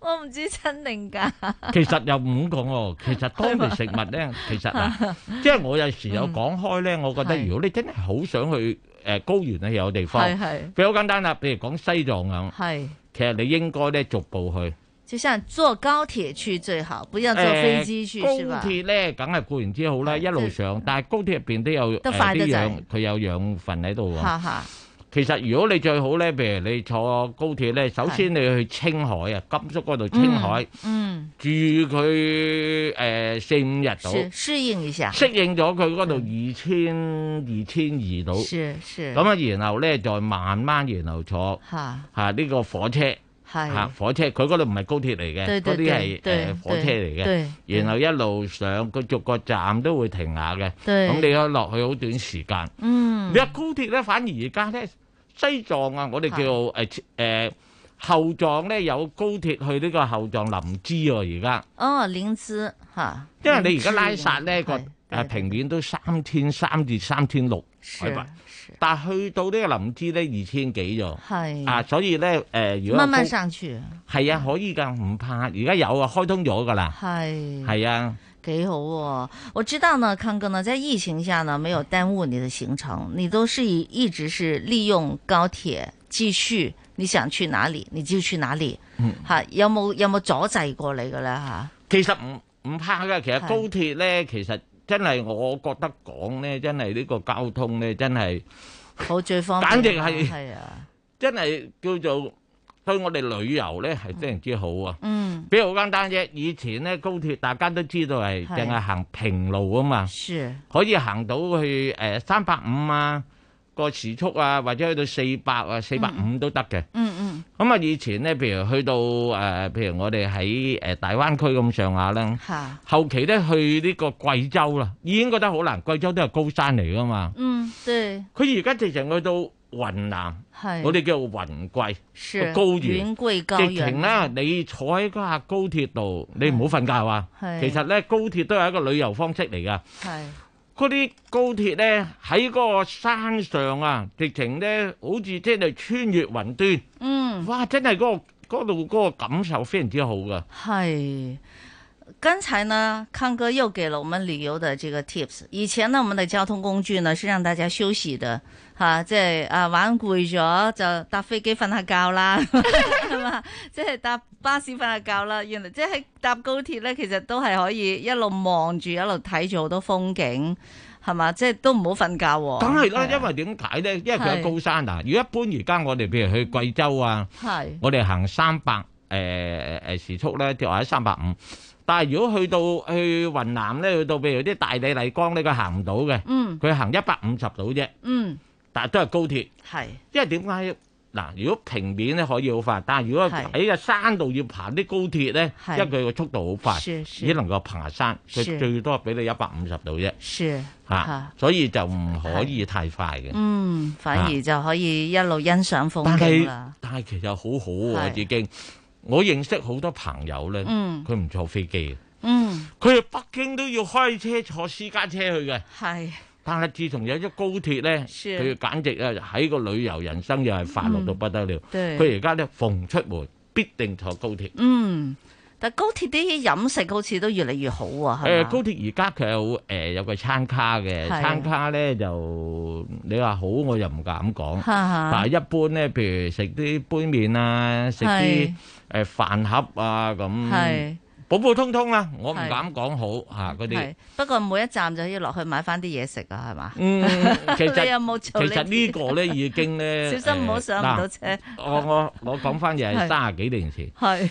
我唔知真定假。其實有五個哦。其實當地食物咧，其實啊，即係我有時有講開咧，我覺得如果你真係好想去誒高原咧有地方，係係。譬如好簡單啦，譬如講西藏咁，係。其實你應該咧逐步去。就像坐高鐵去最好，不要坐飛機去，是吧？高鐵咧，梗係固然之好啦，一路上，但係高鐵入邊都有都富氧，佢有氧份喺度。哈哈。其實如果你最好咧，譬如你坐高鐵咧，首先你去青海啊，甘肅嗰度青海，住佢誒四五日到，適應一下，適應咗佢嗰度二千二千二度，是是。咁啊，然後咧再慢慢然後坐，嚇嚇呢個火車，嚇火車，佢嗰度唔係高鐵嚟嘅，嗰啲係誒火車嚟嘅。然後一路上佢逐個站都會停下嘅，咁你可以落去好短時間。你一高鐵咧，反而而家咧。西藏啊，我哋叫誒誒是、呃，後藏咧有高鐵去呢個後藏林芝哦、啊，而家哦，林芝吓，因為你而家拉薩咧個誒平面都三千三至三千六海拔，但係去到呢個林芝咧二千幾咗，係是啊，所以咧誒、呃，如果慢慢上去，係啊，可以噶，唔怕，而家有啊，開通咗噶啦，係係是啊。幾好喎，哦，我知道呢，康哥呢，在疫情下呢，沒有耽誤你的行程，你都是一一直是利用高鐵繼續你想去哪裏，你就去哪裏，吓、嗯、有冇有冇阻滯過你噶啦吓？其實唔唔怕噶，其實高鐵呢，是其實真係我覺得講呢，真係呢個交通呢，真係好最方便，簡直係係啊，真係叫做。對我哋旅遊咧係非常之好啊！嗯，比如好簡單啫。以前咧高鐵大家都知道係淨係行平路啊嘛，可以行到去誒三百五啊個時速啊，或者去到四百啊四百五都得嘅。嗯嗯。咁啊，以前咧，譬如去到誒，譬如我哋喺誒大灣區咁上下啦。吓。後期咧去呢個貴州啦，已經覺得好難。貴州都係高山嚟噶嘛。嗯，對。佢而家直情去到。雲南，是我哋叫雲貴高原。直情啦、啊，你坐喺嗰架高鐵度，是你唔好瞓覺啊！是其實咧，高鐵都係一個旅遊方式嚟噶。嗰啲是高鐵咧喺嗰個山上啊，直情咧好似即係穿越雲端。嗯，哇！真係嗰度嗰個感受非常之好噶。係，剛才呢，康哥又給了我們旅遊的這個 tips。以前呢，我們的交通工具呢，是讓大家休息的。啊，即係啊玩攰咗就搭飛機瞓下覺啦，係嘛？即係搭巴士瞓下覺啦。原來即係搭高鐵咧，其實都係可以一路望住，一路睇住好多風景，係嘛？即係都唔好瞓覺。梗係啦，因為點解咧？因為佢係高山啊。如果一般而家我哋譬如去貴州啊，係我哋行三百誒誒時速咧，就係三百五。但係如果去到去雲南咧，去到譬如啲大理麗江咧，佢行唔到嘅。嗯，佢行一百五十度啫。嗯。但係都係高鐵，係，因為點解嗱？如果平面咧可以好快，但係如果喺個山度要爬啲高鐵咧，因為佢個速度好快，只能夠爬山，佢最多俾你一百五十度啫。係，所以就唔可以太快嘅。嗯，反而就可以一路欣賞風景啦。但係，但係其實好好喎，我自己，我認識好多朋友咧，佢唔坐飛機嘅，嗯，佢去北京都要開車坐私家車去嘅，係。但係自從有咗高鐵咧，佢 Sure. 簡直啊喺個旅遊人生又係快樂到不得了。佢而家咧逢出門必定坐高鐵。嗯，mm. 但係高鐵啲飲食好似都越嚟越好喎，係嘛？高鐵而家佢有誒有個餐卡嘅，是餐卡咧就你話好，我又唔敢講。是是但係一般咧，譬如食啲杯麵啊，食啲誒飯盒啊咁。是樣普普通通啦，我唔敢講好吓嗰啲。不過每一站就要落去買翻啲嘢食噶係嘛？嗯，其實其實呢個咧已經咧。小心唔好上唔到車。我我我講翻嘢，三十幾年前。係。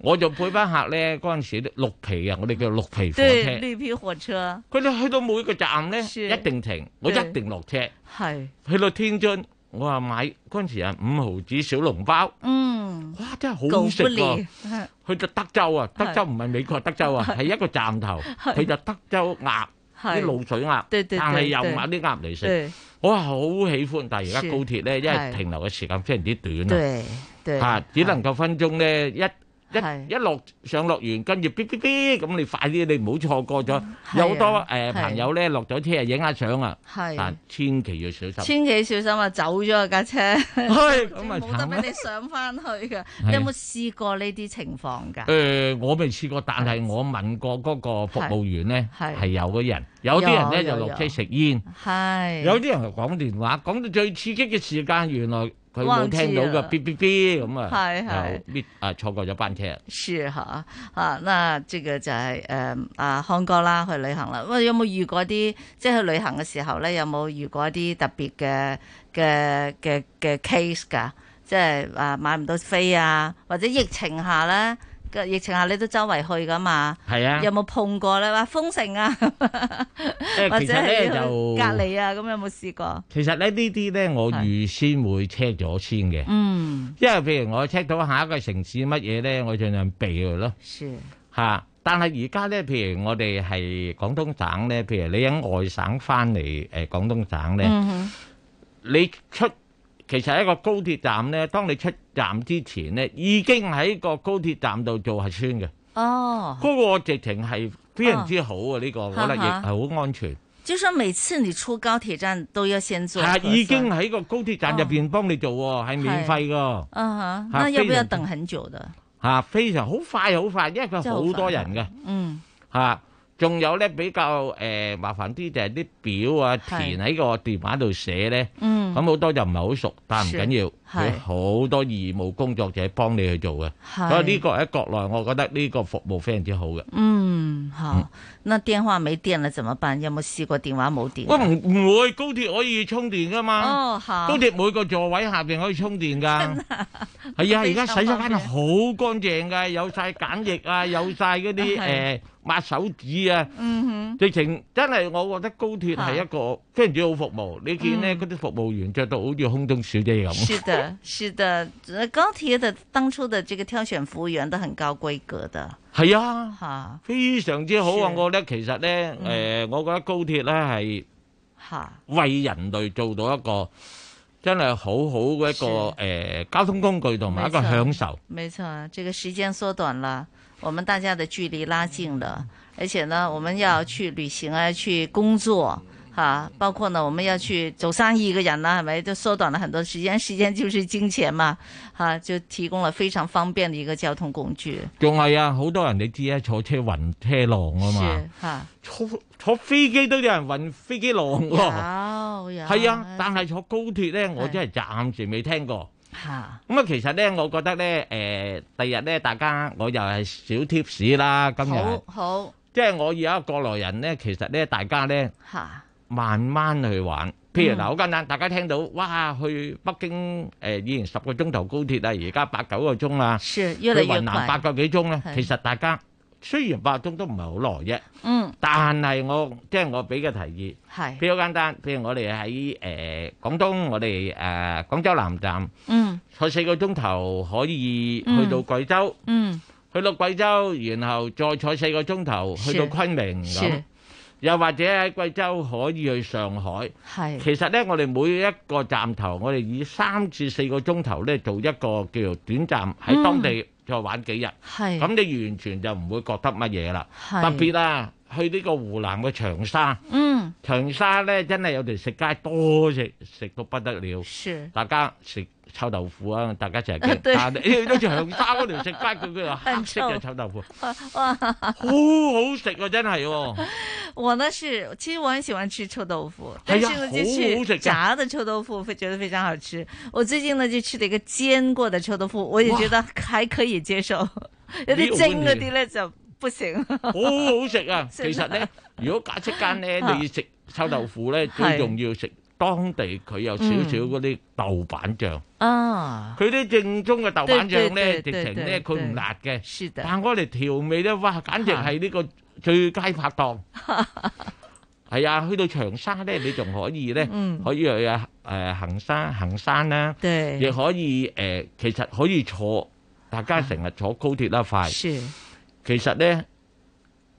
我就配班客咧，嗰陣時綠皮啊，我哋叫綠皮火車。對，綠皮火車。佢哋去到每個站咧，一定停，我一定落車。係。去到天津。我話，買嗰陣時啊，五毫子小籠包，嗯，哇真係好好食個。去到德州啊，德州唔係美國德州啊，係一個站頭，佢就德州鴨，啲滷水鴨，但係又買啲鴨嚟食，我好喜歡。但係而家高鐵咧，因為停留嘅時間非常之短啊，對只能夠分鐘咧一。一一落上落完跟住嗶嗶嗶咁，你快啲，你唔好錯過咗，有好多誒朋友咧落咗車啊影下相啊，啊千祈要小心，千祈小心啊，走咗架車，冇得俾你上翻去㗎。你有冇試過呢啲情況㗎？誒我未試過，但係我問過嗰個服務員咧，係有嘅人，有啲人咧就落車食煙，有啲人講電話，講到最刺激嘅時間原來。佢冇聽到嘅，bi bi bi 咁啊，係係，bi 啊錯過咗班車。是嚇、就是嗯、啊，嗱，呢個就係誒啊，康哥啦去旅行啦。喂、哎，有冇遇過啲？即、就、係、是、去旅行嘅時候咧，有冇遇過啲特別嘅嘅嘅嘅 case 㗎？即係話買唔到飛啊，或者疫情下咧？個疫情下你都周圍去噶嘛？係啊，有冇碰過咧？話封城啊，或者咧就隔離啊，咁有冇試過？其實咧呢啲咧，我預先會 check 咗先嘅。嗯，因為譬如我 check 到下一個城市乜嘢咧，我盡量避佢咯。是吓，但係而家咧，譬如我哋係廣東省咧，譬如你喺外省翻嚟，誒，廣東省咧，你出。其實一個高鐵站咧，當你出站之前咧，已經喺個高鐵站度做核酸嘅。哦，嗰個直情係非常之好啊！呢、哦這個可能亦係好安全。啊、就算、是、每次你出高鐵站都要先做，係、啊、已經喺個高鐵站入邊幫你做喎、啊，係、哦、免費噶。嗯吓、啊，啊、那要不要等很久的？吓、啊，非常好快好快，因為佢好多人嘅、啊。嗯吓。啊仲有咧比較誒麻煩啲，就係、是、啲表啊填喺個電話度寫咧，咁好、嗯、多就唔係好熟，但係唔緊要。有好多義務工作者幫你去做嘅，所以呢個喺國內，我覺得呢個服務非常之好嘅。嗯，嚇。嗱，電話冇電啦，怎麼辦？有冇試過電話冇電？喂，唔會，高鐵可以充電㗎嘛？哦，嚇！高鐵每個座位下邊可以充電㗎。係啊，而家洗手間好乾淨㗎，有曬梘液啊，有曬嗰啲誒抹手指啊。嗯哼。直情真係，我覺得高鐵係一個非常之好服務。你見咧嗰啲服務員著到好似空中小姐咁。哦、是的，高鐵的當初的這個挑選服務員都很高規格的。係啊，吓、啊，非常之好啊！我覺得其實呢，誒、嗯呃，我覺得高鐵呢，係吓為人類做到一個、啊、真係好好嘅一個誒是、呃、交通工具同埋一個享受沒。沒錯，這個時間縮短了，我們大家的距離拉近了，而且呢，我們要去旅行啊，去工作。啊，包括呢，我們要去做生意嘅人啦、啊，係咪？就縮短了很多時間，時間就是金錢嘛。啊、就提供了非常方便的一個交通工具。仲係啊，好多人你知啊，坐車暈車浪啊嘛，哈，啊、坐坐飛機都有人暈飛機浪噶、哦，有係啊，但係坐高鐵咧，是我真係暫時未聽過。吓咁啊，其實咧，我覺得咧，誒、呃，第日咧，大家我又係小 tips 啦。今日好，好即係我而家國內人咧，其實咧，大家咧吓。啊慢慢去玩，譬如嗱，好簡單，大家聽到，哇，去北京誒，以前十個鐘頭高鐵啊，而家八九個鐘啦，去雲南八個幾鐘咧，其實大家雖然八個鐘都唔係好耐啫，嗯，但係我即係我俾嘅提議，係，譬如好簡單，譬如我哋喺誒廣東，我哋誒廣州南站，嗯，坐四個鐘頭可以去到貴州，嗯，去到貴州，然後再坐四個鐘頭去到昆明咁。又或者喺貴州可以去上海，是其實咧我哋每一個站頭，我哋以三至四個鐘頭咧做一個叫做短站，喺當地再玩幾日，咁、嗯、你完全就唔會覺得乜嘢啦。是特別啦、啊。去呢個湖南嘅長沙，長沙咧真係有條食街多食食到不得了，大家食臭豆腐啊，大家成日傾。但係呢個長沙嗰條食街佢佢係黑色嘅臭豆腐，哇，好好食啊，真係喎！我呢是，其實我很喜歡吃臭豆腐，但是呢就係炸的臭豆腐，覺得非常好吃。我最近呢就吃咗一個煎過的臭豆腐，我也覺得還可以接受，有啲蒸嗰啲咧就。食，好好食啊！其實咧，如果隔出間咧，你食臭豆腐咧，最重要食當地佢有少少嗰啲豆瓣醬啊！佢啲正宗嘅豆瓣醬咧，直情咧佢唔辣嘅，但係我哋調味咧，哇，簡直係呢個最佳拍檔。係啊，去到長沙咧，你仲可以咧，可以去啊！誒，行山行山啦，亦可以誒，其實可以坐，大家成日坐高鐵啦，快。其實咧，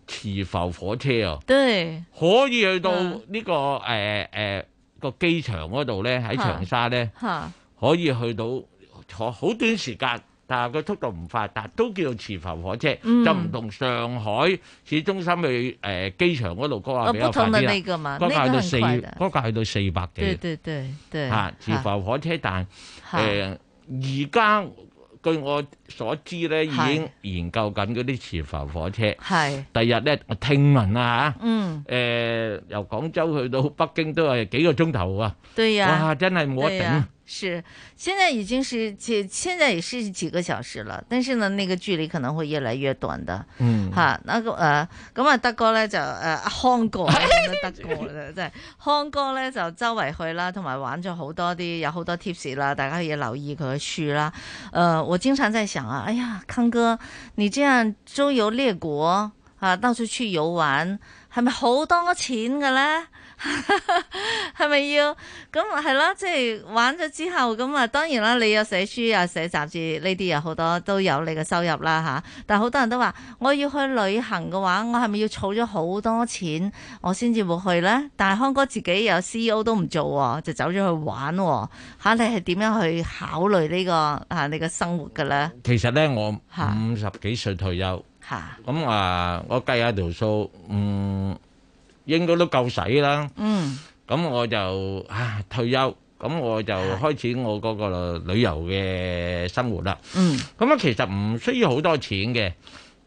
磁浮火車哦，可以去到呢個誒誒個機場嗰度咧，喺長沙咧，可以去到坐好短時間，但係個速度唔快，但係都叫做磁浮火車，就唔同上海市中心去誒機場嗰度，嗰個比較快啲，嗰個去到四，嗰個去到四百幾，對對對對，吓磁浮火車，但誒而家。據我所知咧，已經研究緊嗰啲磁浮火車。係，第日咧，我聽聞啦嚇。嗯。誒、呃，由廣州去到北京都係幾個鐘頭啊！對呀、啊。哇！真係冇得頂。是，現在已經是幾，現在也是幾個小時了，但是呢，那個距離可能會越來越短的，嗯，哈，那個，誒、呃，今日德哥咧就誒康哥咁德哥啦，真係康哥咧就周圍去啦，同埋玩咗好多啲，有好多 tips 啦，大家可以留意佢嘅書啦，誒、呃，我經常在想啊，哎呀，康哥，你這樣周遊列國啊，到處去遊玩，係咪好多錢嘅咧？係咪 要咁係啦？即係、就是、玩咗之後咁啊，當然啦，你有寫書啊，寫雜誌呢啲有好多都有你嘅收入啦吓、啊。但係好多人都話，我要去旅行嘅話，我係咪要儲咗好多錢我先至會去呢。但係康哥自己有 CEO 都唔做，就走咗去玩吓、啊。你係點樣去考慮呢、這個啊？你嘅生活嘅呢？其實呢，我五十幾歲退休，咁啊,啊,啊，我計下條數，嗯。應該都夠使啦。嗯，咁我就唉退休，咁我就開始我嗰個旅遊嘅生活啦。嗯，咁啊，其實唔需要好多錢嘅，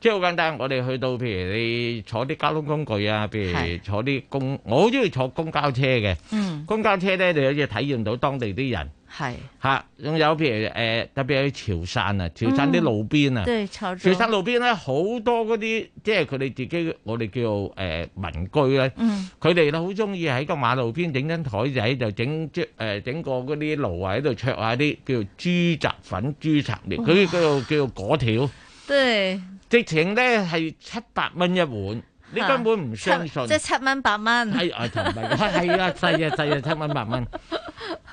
即係好簡單。我哋去到譬如你坐啲交通工具啊，譬如坐啲公，我好中意坐公交車嘅。嗯，公交車呢，你有啲體驗到當地啲人。係嚇，仲有譬如誒，特別喺潮汕啊，潮汕啲路邊啊，潮汕路邊咧好多嗰啲，即係佢哋自己，我哋叫做誒民居咧，佢哋咧好中意喺個馬路邊整張台仔，就整即誒整個嗰啲爐喺度灼下啲叫豬雜粉、豬雜麵，佢嗰個叫做粿條，對，直情咧係七百蚊一碗。你根本唔相信，即係七蚊八蚊。係啊，係啊，細啊，細啊，七蚊八蚊。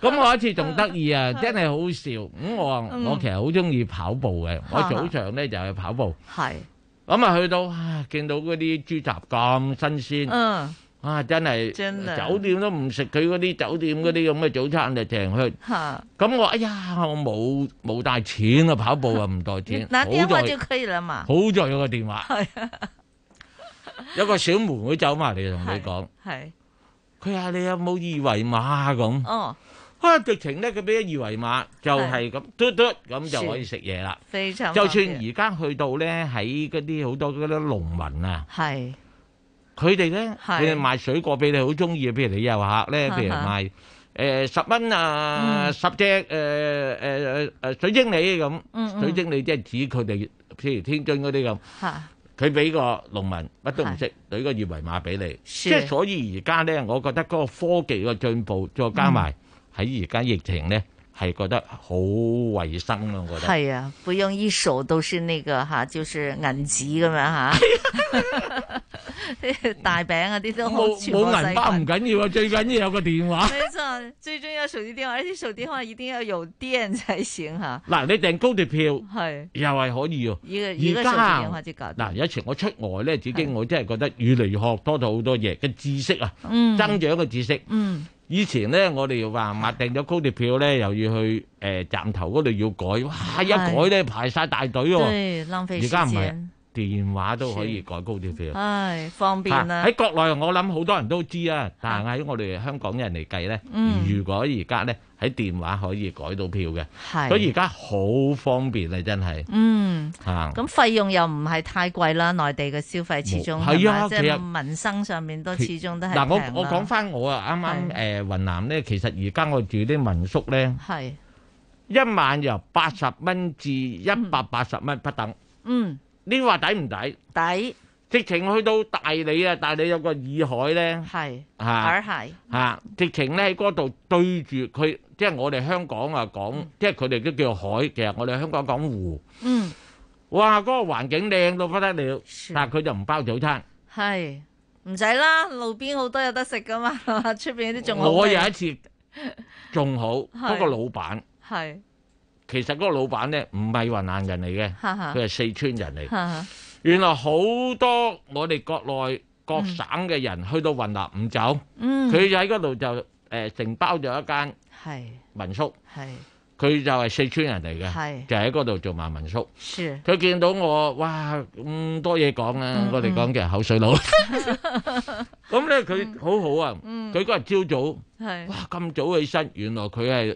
咁我一次仲得意啊，真係好笑。咁我我其實好中意跑步嘅，我早上咧就去跑步。係。咁啊，去到見到嗰啲豬雜咁新鮮，啊真係，酒店都唔食佢嗰啲酒店嗰啲咁嘅早餐就停去。嚇！咁我哎呀，我冇冇帶錢啊！跑步啊，唔帶錢。嗱電話就可以啦嘛。好在有個電話。係啊。有個小妹妹走埋嚟同你講，佢話你有冇二維碼咁？哦，啊直情咧，佢俾咗二維碼就係咁嘟嘟咁就可以食嘢啦。非常。就算而家去到咧，喺嗰啲好多嗰啲農民啊，係，佢哋咧，佢哋賣水果俾你好中意，譬如你有客咧，譬如賣誒十蚊啊十隻誒誒誒誒水晶梨咁，水晶梨即係指佢哋譬如天津嗰啲咁。佢俾個農民乜都唔識，攞個條碼俾你，所以而家呢，我覺得嗰個科技個進步，再加埋喺而家疫情呢。嗯嗯。係覺得好衛生咯，我覺得係啊，不用一手都是那個吓，就是銀紙咁樣吓。大餅啊，啲都好冇銀包唔緊要啊，最緊要有個電話。冇錯，最重要手機電話，而且手機電話一定要有電才行吓。嗱，你訂高鐵票係又係可以哦。而而家嗱，有次我出外咧，自己我真係覺得越嚟越學多咗好多嘢嘅知識啊，增長嘅知識。嗯。以前咧，我哋又話買定咗高鐵票咧，又要去誒站頭嗰度要改，哇！一改咧排晒大隊喎，而家唔係。電話都可以改高鐵票，係方便啦。喺國內我諗好多人都知啦，但係喺我哋香港人嚟計咧，如果而家咧喺電話可以改到票嘅，係。所以而家好方便啊！真係嗯嚇，咁費用又唔係太貴啦。內地嘅消費始終係即係民生上面都始終都係平啲。嗱，我我講翻我啊，啱啱誒雲南咧，其實而家我住啲民宿咧，係一晚由八十蚊至一百八十蚊不等，嗯。呢啲話，抵唔抵？抵，直情去到大理啊！大理有個洱海咧，係，啊，洱海，啊，直情咧喺嗰度對住佢，即係我哋香港啊講，即係佢哋都叫做海，其實我哋香港講湖。嗯，哇，嗰個環境靚到不得了，但係佢就唔包早餐。係，唔使啦，路邊好多有得食噶嘛，出邊啲仲好。我有一次仲好，不過老闆係。其實嗰個老闆咧唔係雲南人嚟嘅，佢係四川人嚟。原來好多我哋國內各省嘅人去到雲南唔走，佢就喺嗰度就誒承包咗一間民宿。佢就係四川人嚟嘅，就喺嗰度做埋民宿。佢見到我，哇，咁多嘢講呀！我哋講嘅口水佬。咁咧佢好好啊，佢嗰日朝早，哇咁早起身，原來佢係。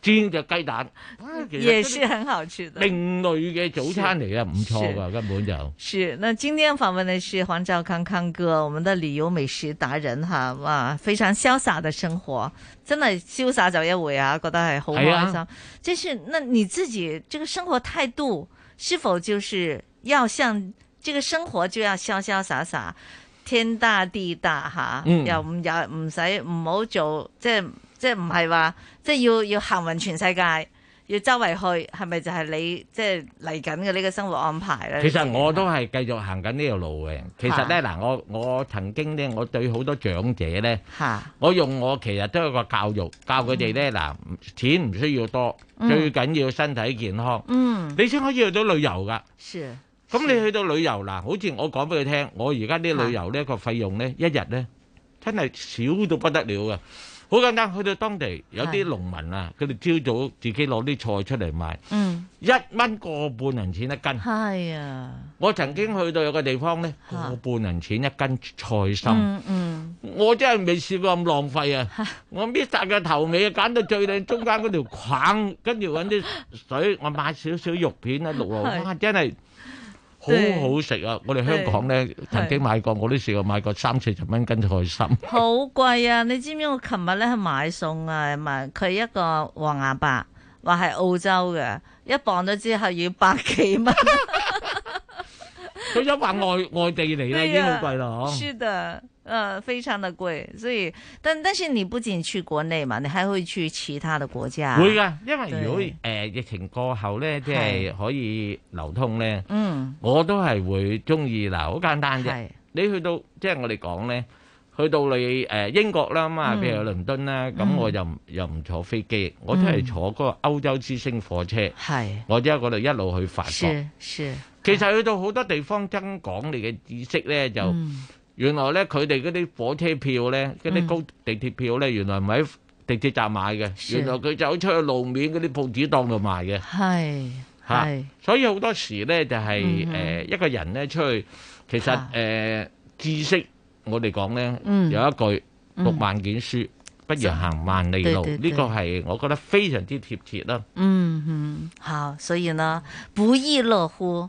煎隻雞蛋，啊、是也是很好吃的。另類嘅早餐嚟嘅，唔錯噶，根本就。是。那今天訪問嘅是黃照康康哥，我們的旅遊美食達人哈哇，非常瀟灑的生活，真係瀟灑走一回啊覺得係好開心。即是、啊、是，那你自己這個生活態度，是否就是要向這個生活就要瀟瀟灑灑，天大地大吓，又唔又唔使唔好做，即係即係唔係話。即係要要行勻全世界，要周圍去，係咪就係你即係嚟緊嘅呢個生活安排咧？其實我都係繼續行緊呢條路嘅。其實咧嗱，我我曾經咧，我對好多長者咧，我用我其實都有個教育，教佢哋咧嗱，錢唔需要多，最緊要身體健康。嗯，你先可以去到旅遊噶。是。咁你去到旅遊嗱，好似我講俾佢聽，我而家啲旅遊呢個費用咧，一日咧，真係少到不得了噶。好簡單，去到當地有啲農民啊，佢哋朝早自己攞啲菜出嚟賣，嗯、一蚊個半銀錢一斤。係啊，我曾經去到有個地方咧，個半銀錢一斤菜心，嗯嗯、我真係未試過咁浪費啊！我搣晒個頭尾，揀到最靚，中間嗰條梗，跟住揾啲水，我買少少肉片啊，綠啊，真係～好好食啊！對我哋香港咧，曾經對買過，對我都試過買過三四十蚊斤菜心，好貴啊！ 你知唔知我琴日咧去買餸啊？咪佢一個黃牙白話係澳洲嘅，一磅咗之後要百幾蚊。佢一話外外地嚟咧已經好貴啦，嗬！是的，誒，非常的貴，所以但但是你不僅去國內嘛，你還會去其他的國家。會噶，因為如果誒疫情過後咧，即係可以流通咧。嗯。我都係會中意嗱，好簡單嘅。係。你去到即係我哋講咧，去到你誒英國啦嘛，譬如去倫敦啦，咁我又又唔坐飛機，我都係坐嗰個歐洲之星火車。係。我之後嗰度一路去法國。是是。其實去到好多地方增廣你嘅知識咧，就原來咧佢哋嗰啲火車票咧、嗰啲高地鐵票咧，原來唔喺地鐵站買嘅，原來佢走出去路面嗰啲報紙檔度買嘅。係，嚇，所以好多時咧就係誒一個人咧出去，其實誒知識，我哋講咧有一句讀萬卷書，不如行萬里路，呢個係我覺得非常之貼切啦。嗯哼，好，所以呢不亦樂乎。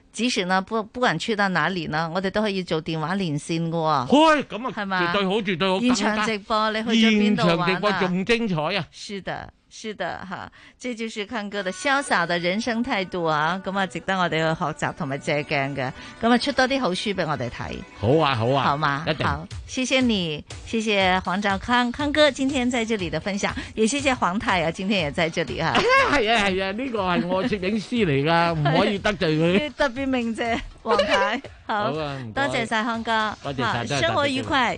即使呢，不，不管去到邊度呢，我哋都可以做電話連線嘅喎、哦。嘿，咁啊，係嘛，絕對好，絕對好。嗎加現場直播，你去咗邊度玩啊？現場直播更精彩啊！是的。是的哈，這就是康哥的瀟灑的人生態度啊，咁啊值得我哋去學習同埋借鏡嘅，咁啊出多啲好書俾我哋睇，好啊好啊，好，啊好嗎？定好，謝謝你，謝謝黃照康康哥今天在這裏的分享，也謝謝黃太啊，今天也在這裏啊，係啊係啊，呢、這個係我攝影師嚟噶，唔 可以得罪佢，特別鳴謝黃太，好多謝晒康哥，啊，生活愉快。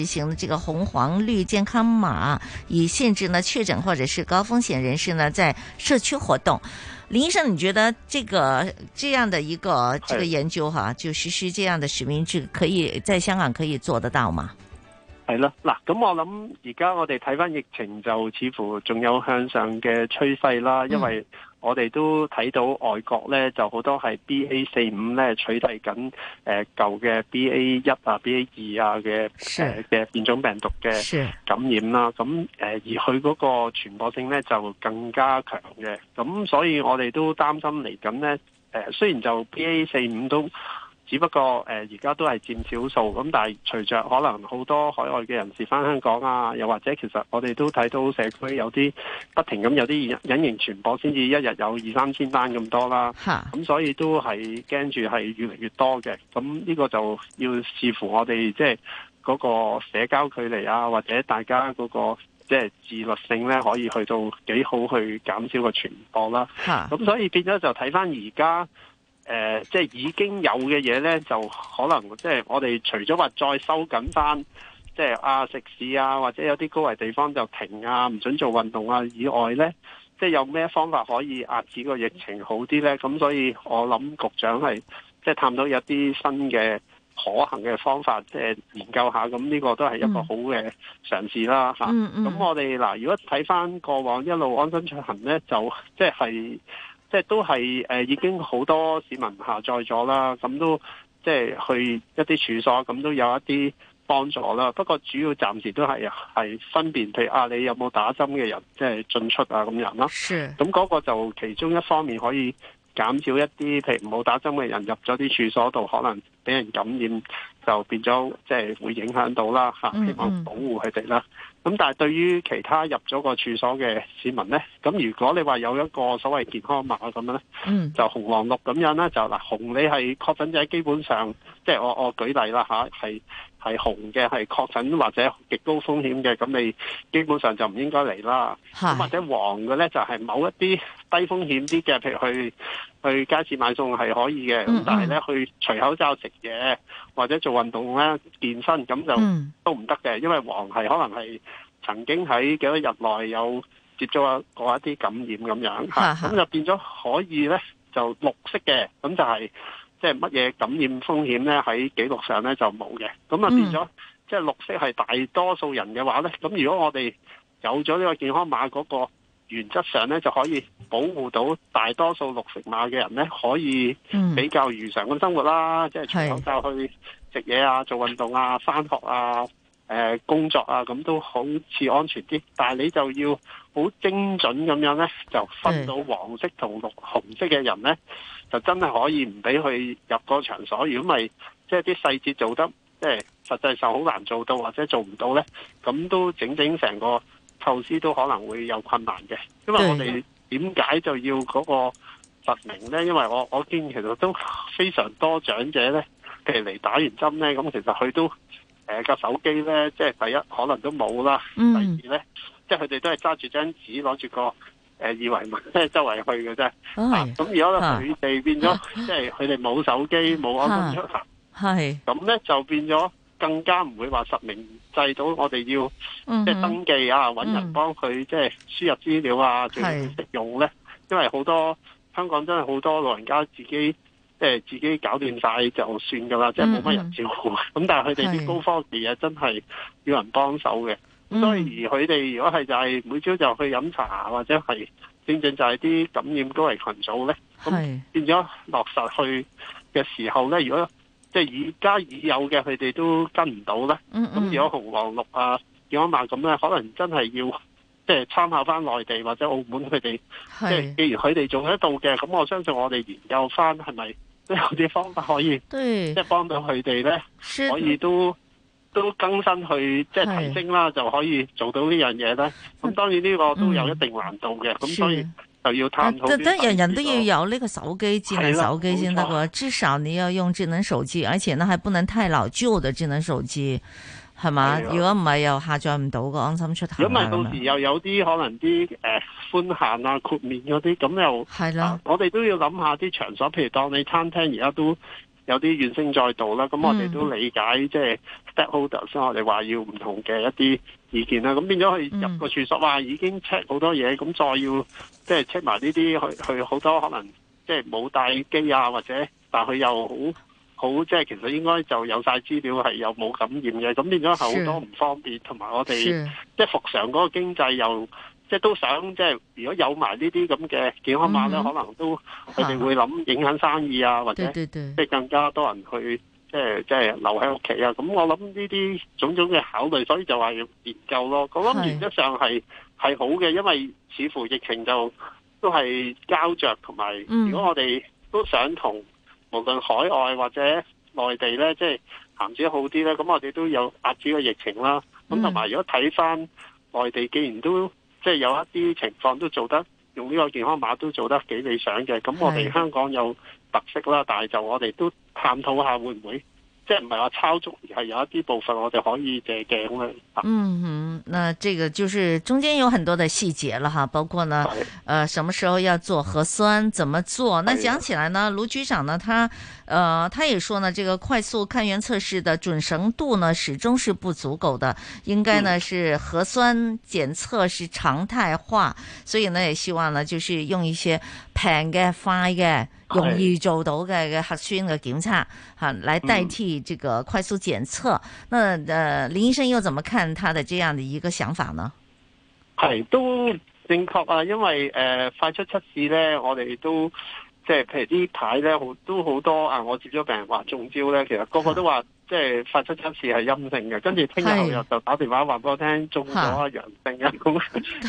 實行這個紅黃綠健康碼，以限制呢確診或者是高風險人士呢在社區活動。林醫生，你覺得這個這樣的一個這個研究吓啊，就實施這樣的實名制，可以在香港可以做得到嗎？係咯，嗱，咁我諗，而家我哋睇翻疫情就似乎仲有向上嘅趨勢啦，因為。嗯我哋都睇到外國咧，就好多係 B A 四五咧取締緊誒舊嘅 B A 一啊、B A 二啊嘅嘅是、呃、變種病毒嘅感染啦。咁是、啊、而佢嗰個傳播性咧就更加強嘅。咁所以我哋都擔心嚟緊咧誒，雖然就 B A 四五都。只不過誒，而家都係佔少數咁，但係隨着可能好多海外嘅人士翻香港啊，又或者其實我哋都睇到社區有啲不停咁有啲隱形傳播，先至一日有二三千單咁多啦。咁哈 所以都係驚住係越嚟越多嘅。咁呢個就要視乎我哋即係嗰個社交距離啊，或者大家嗰個即係自律性呢，可以去到幾好去減少個傳播啦。咁哈 所以變咗就睇翻而家。誒、呃，即係已經有嘅嘢呢，就可能即係我哋除咗話再收緊翻，即係啊食肆啊，或者有啲高危地方就停啊，唔准做運動啊，以外呢，即係有咩方法可以壓止個疫情好啲呢？咁所以我諗局長係即係探到有啲新嘅可行嘅方法，即、呃、係研究下，咁呢個都係一個好嘅嘗試啦。嚇，咁我哋嗱、呃，如果睇翻過往一路安心出行呢，就即係。即係都係、呃、已經好多市民下載咗啦，咁都即係去一啲處所，咁都有一啲幫助啦。不過主要暫時都係係分辨，譬如啊，你有冇打針嘅人即係進出啊咁人啦。咁嗰是個就其中一方面可以減少一啲，譬如冇打針嘅人入咗啲處所度，可能俾人感染就變咗，即係會影響到啦吓，希望保護佢哋啦。嗯嗯。咁但係對於其他入咗個處所嘅市民呢，咁如果你話有一個所謂健康碼咁樣呢，mm. 樣呢，就紅黃綠咁樣啦，就嗱紅，你係確診者，基本上即係、就是、我我舉例啦嚇，係。係紅嘅係確診或者極高風險嘅，咁你基本上就唔應該嚟啦。咁是或者黃嘅呢，就係、是、某一啲低風險啲嘅，譬如去去街市買餸係可以嘅。嗯、嗯但係呢，去除口罩食嘢或者做運動呢，健身，咁就、嗯、都唔得嘅，因為黃係可能係曾經喺幾多日內有接觸過一啲感染咁樣。咁是就變咗可以呢，就綠色嘅，咁就係、是。即係乜嘢感染風險咧？喺記錄上咧就冇嘅，咁啊變咗、嗯、即係綠色係大多數人嘅話咧，咁如果我哋有咗呢個健康碼嗰個原則上咧，就可以保護到大多數綠色碼嘅人咧，可以比較如常咁生活啦，嗯、即係除口罩去食嘢啊、是做運動啊、翻學啊、呃、工作啊，咁都好似安全啲。但係你就要好精準咁樣咧，就分到黃色同綠紅色嘅人咧。是嗯就真係可以唔俾佢入個場所，如果咪即係啲細節做得即係實際上好難做到或者做唔到呢，咁都整整成個構思都可能會有困難嘅。因為我哋點解就要嗰個實名呢？因為我我見其實都非常多長者呢，譬如嚟打完針呢，咁其實佢都誒個、呃、手機呢，即係第一可能都冇啦，嗯、第二呢，即係佢哋都係揸住張紙攞住個。誒以為民，即係周圍去嘅啫。咁而家佢哋變咗，即係佢哋冇手機，冇安心出行。咁咧，就變咗更加唔會話實名制到我哋要即係登記啊，揾人幫佢即係輸入資料啊，就適用咧。因為好多香港真係好多老人家自己誒自己搞掂晒就算㗎啦，即係冇乜人照顧。咁但係佢哋啲高科技嘢真係要人幫手嘅。所以而佢哋如果係就係每朝就去飲茶或者係正正就係啲感染高危群組咧，咁是變咗落實去嘅時候咧，如果即係而家已有嘅佢哋都跟唔到咧，咁、嗯嗯、如果紅黃綠啊，如果慢咁咧，可能真係要即係參考翻內地或者澳門佢哋，即係是既然佢哋做得到嘅，咁我相信我哋研究翻係咪即係有啲方法可以，即係幫到佢哋咧，的可以都。都更新去即係提升啦，是就可以做到呢樣嘢啦。咁、嗯、當然呢個都有一定難度嘅，咁的、嗯、所以就要探討。我覺得人人都要有呢個手機，智能手機先得噶。的至少你要用智能手機，錯而且呢還不能太老舊的智能手機，係嘛？如果唔係又下載唔到個安心出行。的如果到時又有啲可能啲誒，寬、呃、限啊、豁免嗰啲咁又係啦的、啊。我哋都要諗下啲場所，譬如當你餐廳而家都。有啲怨聲載道啦，咁我哋都理解，即係 step holder 先，我哋話要唔同嘅一啲意見啦。咁變咗佢入個處所，話、嗯、已經 check 好多嘢，咁再要即係 check 埋呢啲去去好多，可能即係冇帶機啊，或者但佢又好好即係其實應該就有曬資料係又冇感染嘅，咁變咗係好多唔方便，同埋的我哋即係復常嗰個經濟又。即都想，即如果有埋呢啲咁嘅健康碼咧，mm hmm. 可能都佢哋會諗影響生意啊，mm hmm. 或者即係更加多人去即係即留喺屋企啊。咁、mm hmm. 我諗呢啲種種嘅考慮，所以就話要研究咯。我諗原則上係係、mm hmm. 好嘅，因為似乎疫情就都係膠着同埋。如果我哋都想同無論海外或者內地咧，即係銜接好啲咧，咁我哋都有壓住嘅疫情啦。咁同埋如果睇翻內地，既然都即係有一啲情況都做得用呢個健康碼都做得幾理想嘅，咁我哋香港有特色啦，的但係就我哋都探討下會唔會，即係唔係話抄足，而係有一啲部分我哋可以借鏡嘅嚇。嗯哼，那呢個就係中間有很多嘅細節啦，吓，包括呢，的呃，什麼時候要做核酸，怎麼做？那講起來呢，的盧局長呢，他。呃，他也說呢，這個快速抗原測試的準繩度呢，始終是不足夠的，應該呢是核酸檢測是常態化，嗯、所以呢，也希望呢就是用一些平嘅、快嘅、容易做到嘅嘅是核酸嘅檢測吓、啊，來代替這個快速檢測。嗯、那，呃，林醫生又怎麼看他的這樣的一個想法呢？係都正確啊，因為誒、呃，快速測試呢我哋都。即係譬如啲牌咧，好都好多啊！我接咗病人話中招咧，其實個個都話即係發出測試係陰性嘅。跟住聽日後日就打電話話畀我聽中咗啊陽性啊咁，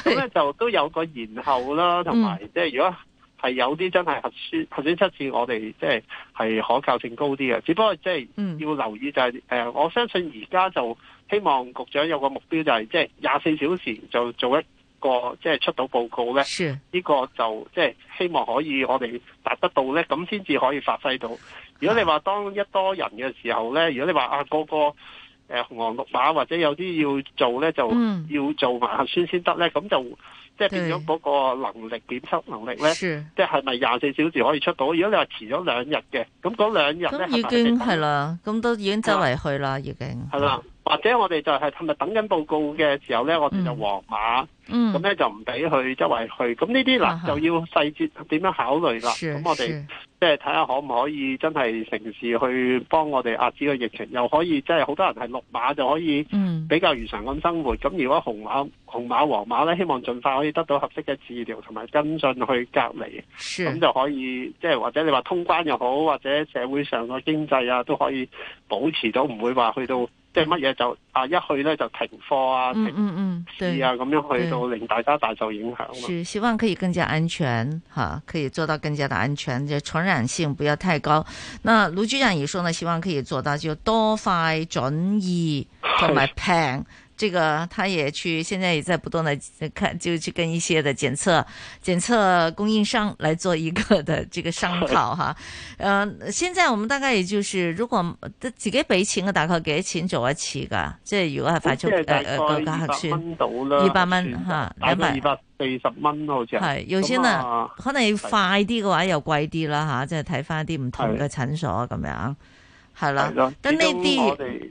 咁咧就都有個延後啦，同埋即係如果係有啲真係核酸核酸測試，我哋即係係可靠性高啲嘅，只不過即係要留意就係、是的呃、我相信而家就希望局長有個目標就係即係廿四小時就做一個即係出到報告呢，呢是個就即係希望可以我哋達得到呢。咁先至可以發揮到。如果你話當一多人嘅時候呢，如果你話啊個個誒紅黃綠碼或者有啲要做呢，就要做埋核酸先得呢。咁、嗯、就即係變咗嗰個能力檢測對能力呢，是即係咪廿四小時可以出到？如果你話遲咗兩日嘅，咁嗰兩日呢已經係啦，咁都已經周圍去啦，啊、已經係啦。或者我哋就係係咪等緊報告嘅時候咧？我哋就黃碼，咁咧、嗯嗯、就唔俾去周圍去。咁呢啲嗱就要細節點樣考慮啦。咁我哋即係睇下可唔可以真係城市去幫我哋遏止個疫情，又可以即係好多人係綠碼就可以比較如常咁生活。咁、嗯、如果紅碼紅碼黃碼咧，希望盡快可以得到合適嘅治療，同埋跟進去隔離，咁是就可以即係、就是、或者你話通關又好，或者社會上個經濟啊都可以保持到，唔會話去到。即係乜嘢就啊一去咧就停課啊，是啊咁、嗯嗯嗯、樣去到令大家大受影響。是希望可以更加安全吓，可以做到更加的安全，就傳染性不要太高。那盧局長也說呢，希望可以做到就多快準易，同埋平。這個他也去，現在也在不斷的看，就去跟一些的檢測檢測供應商來做一個的這個商討哈是。呃現在我們大概也就是如果自己俾錢的大概幾多錢做一次噶？即係如果係快速誒誒核酸，二百蚊二百蚊吓，一百二百四十蚊好似係。有些呢，啊、可能要快啲嘅話又貴啲啦吓，即係睇翻啲唔同嘅診所咁樣，係啦的。咁呢啲。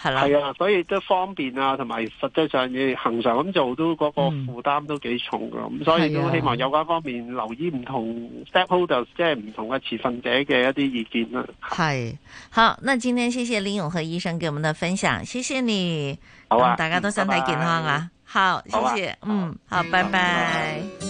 係啦，係啊，所以都方便啊，同埋實際上要恒常咁做，都嗰個負擔都幾重噶，咁、嗯、所以都希望有關方面留意唔同 stakeholder 即係唔同嘅持份者嘅一啲意見啦、啊。係好，那今天謝謝林永和醫生給我們的分享，謝謝你。好、啊、大家都身體健康啊。拜拜好，謝謝，啊、嗯，好，好拜拜。拜拜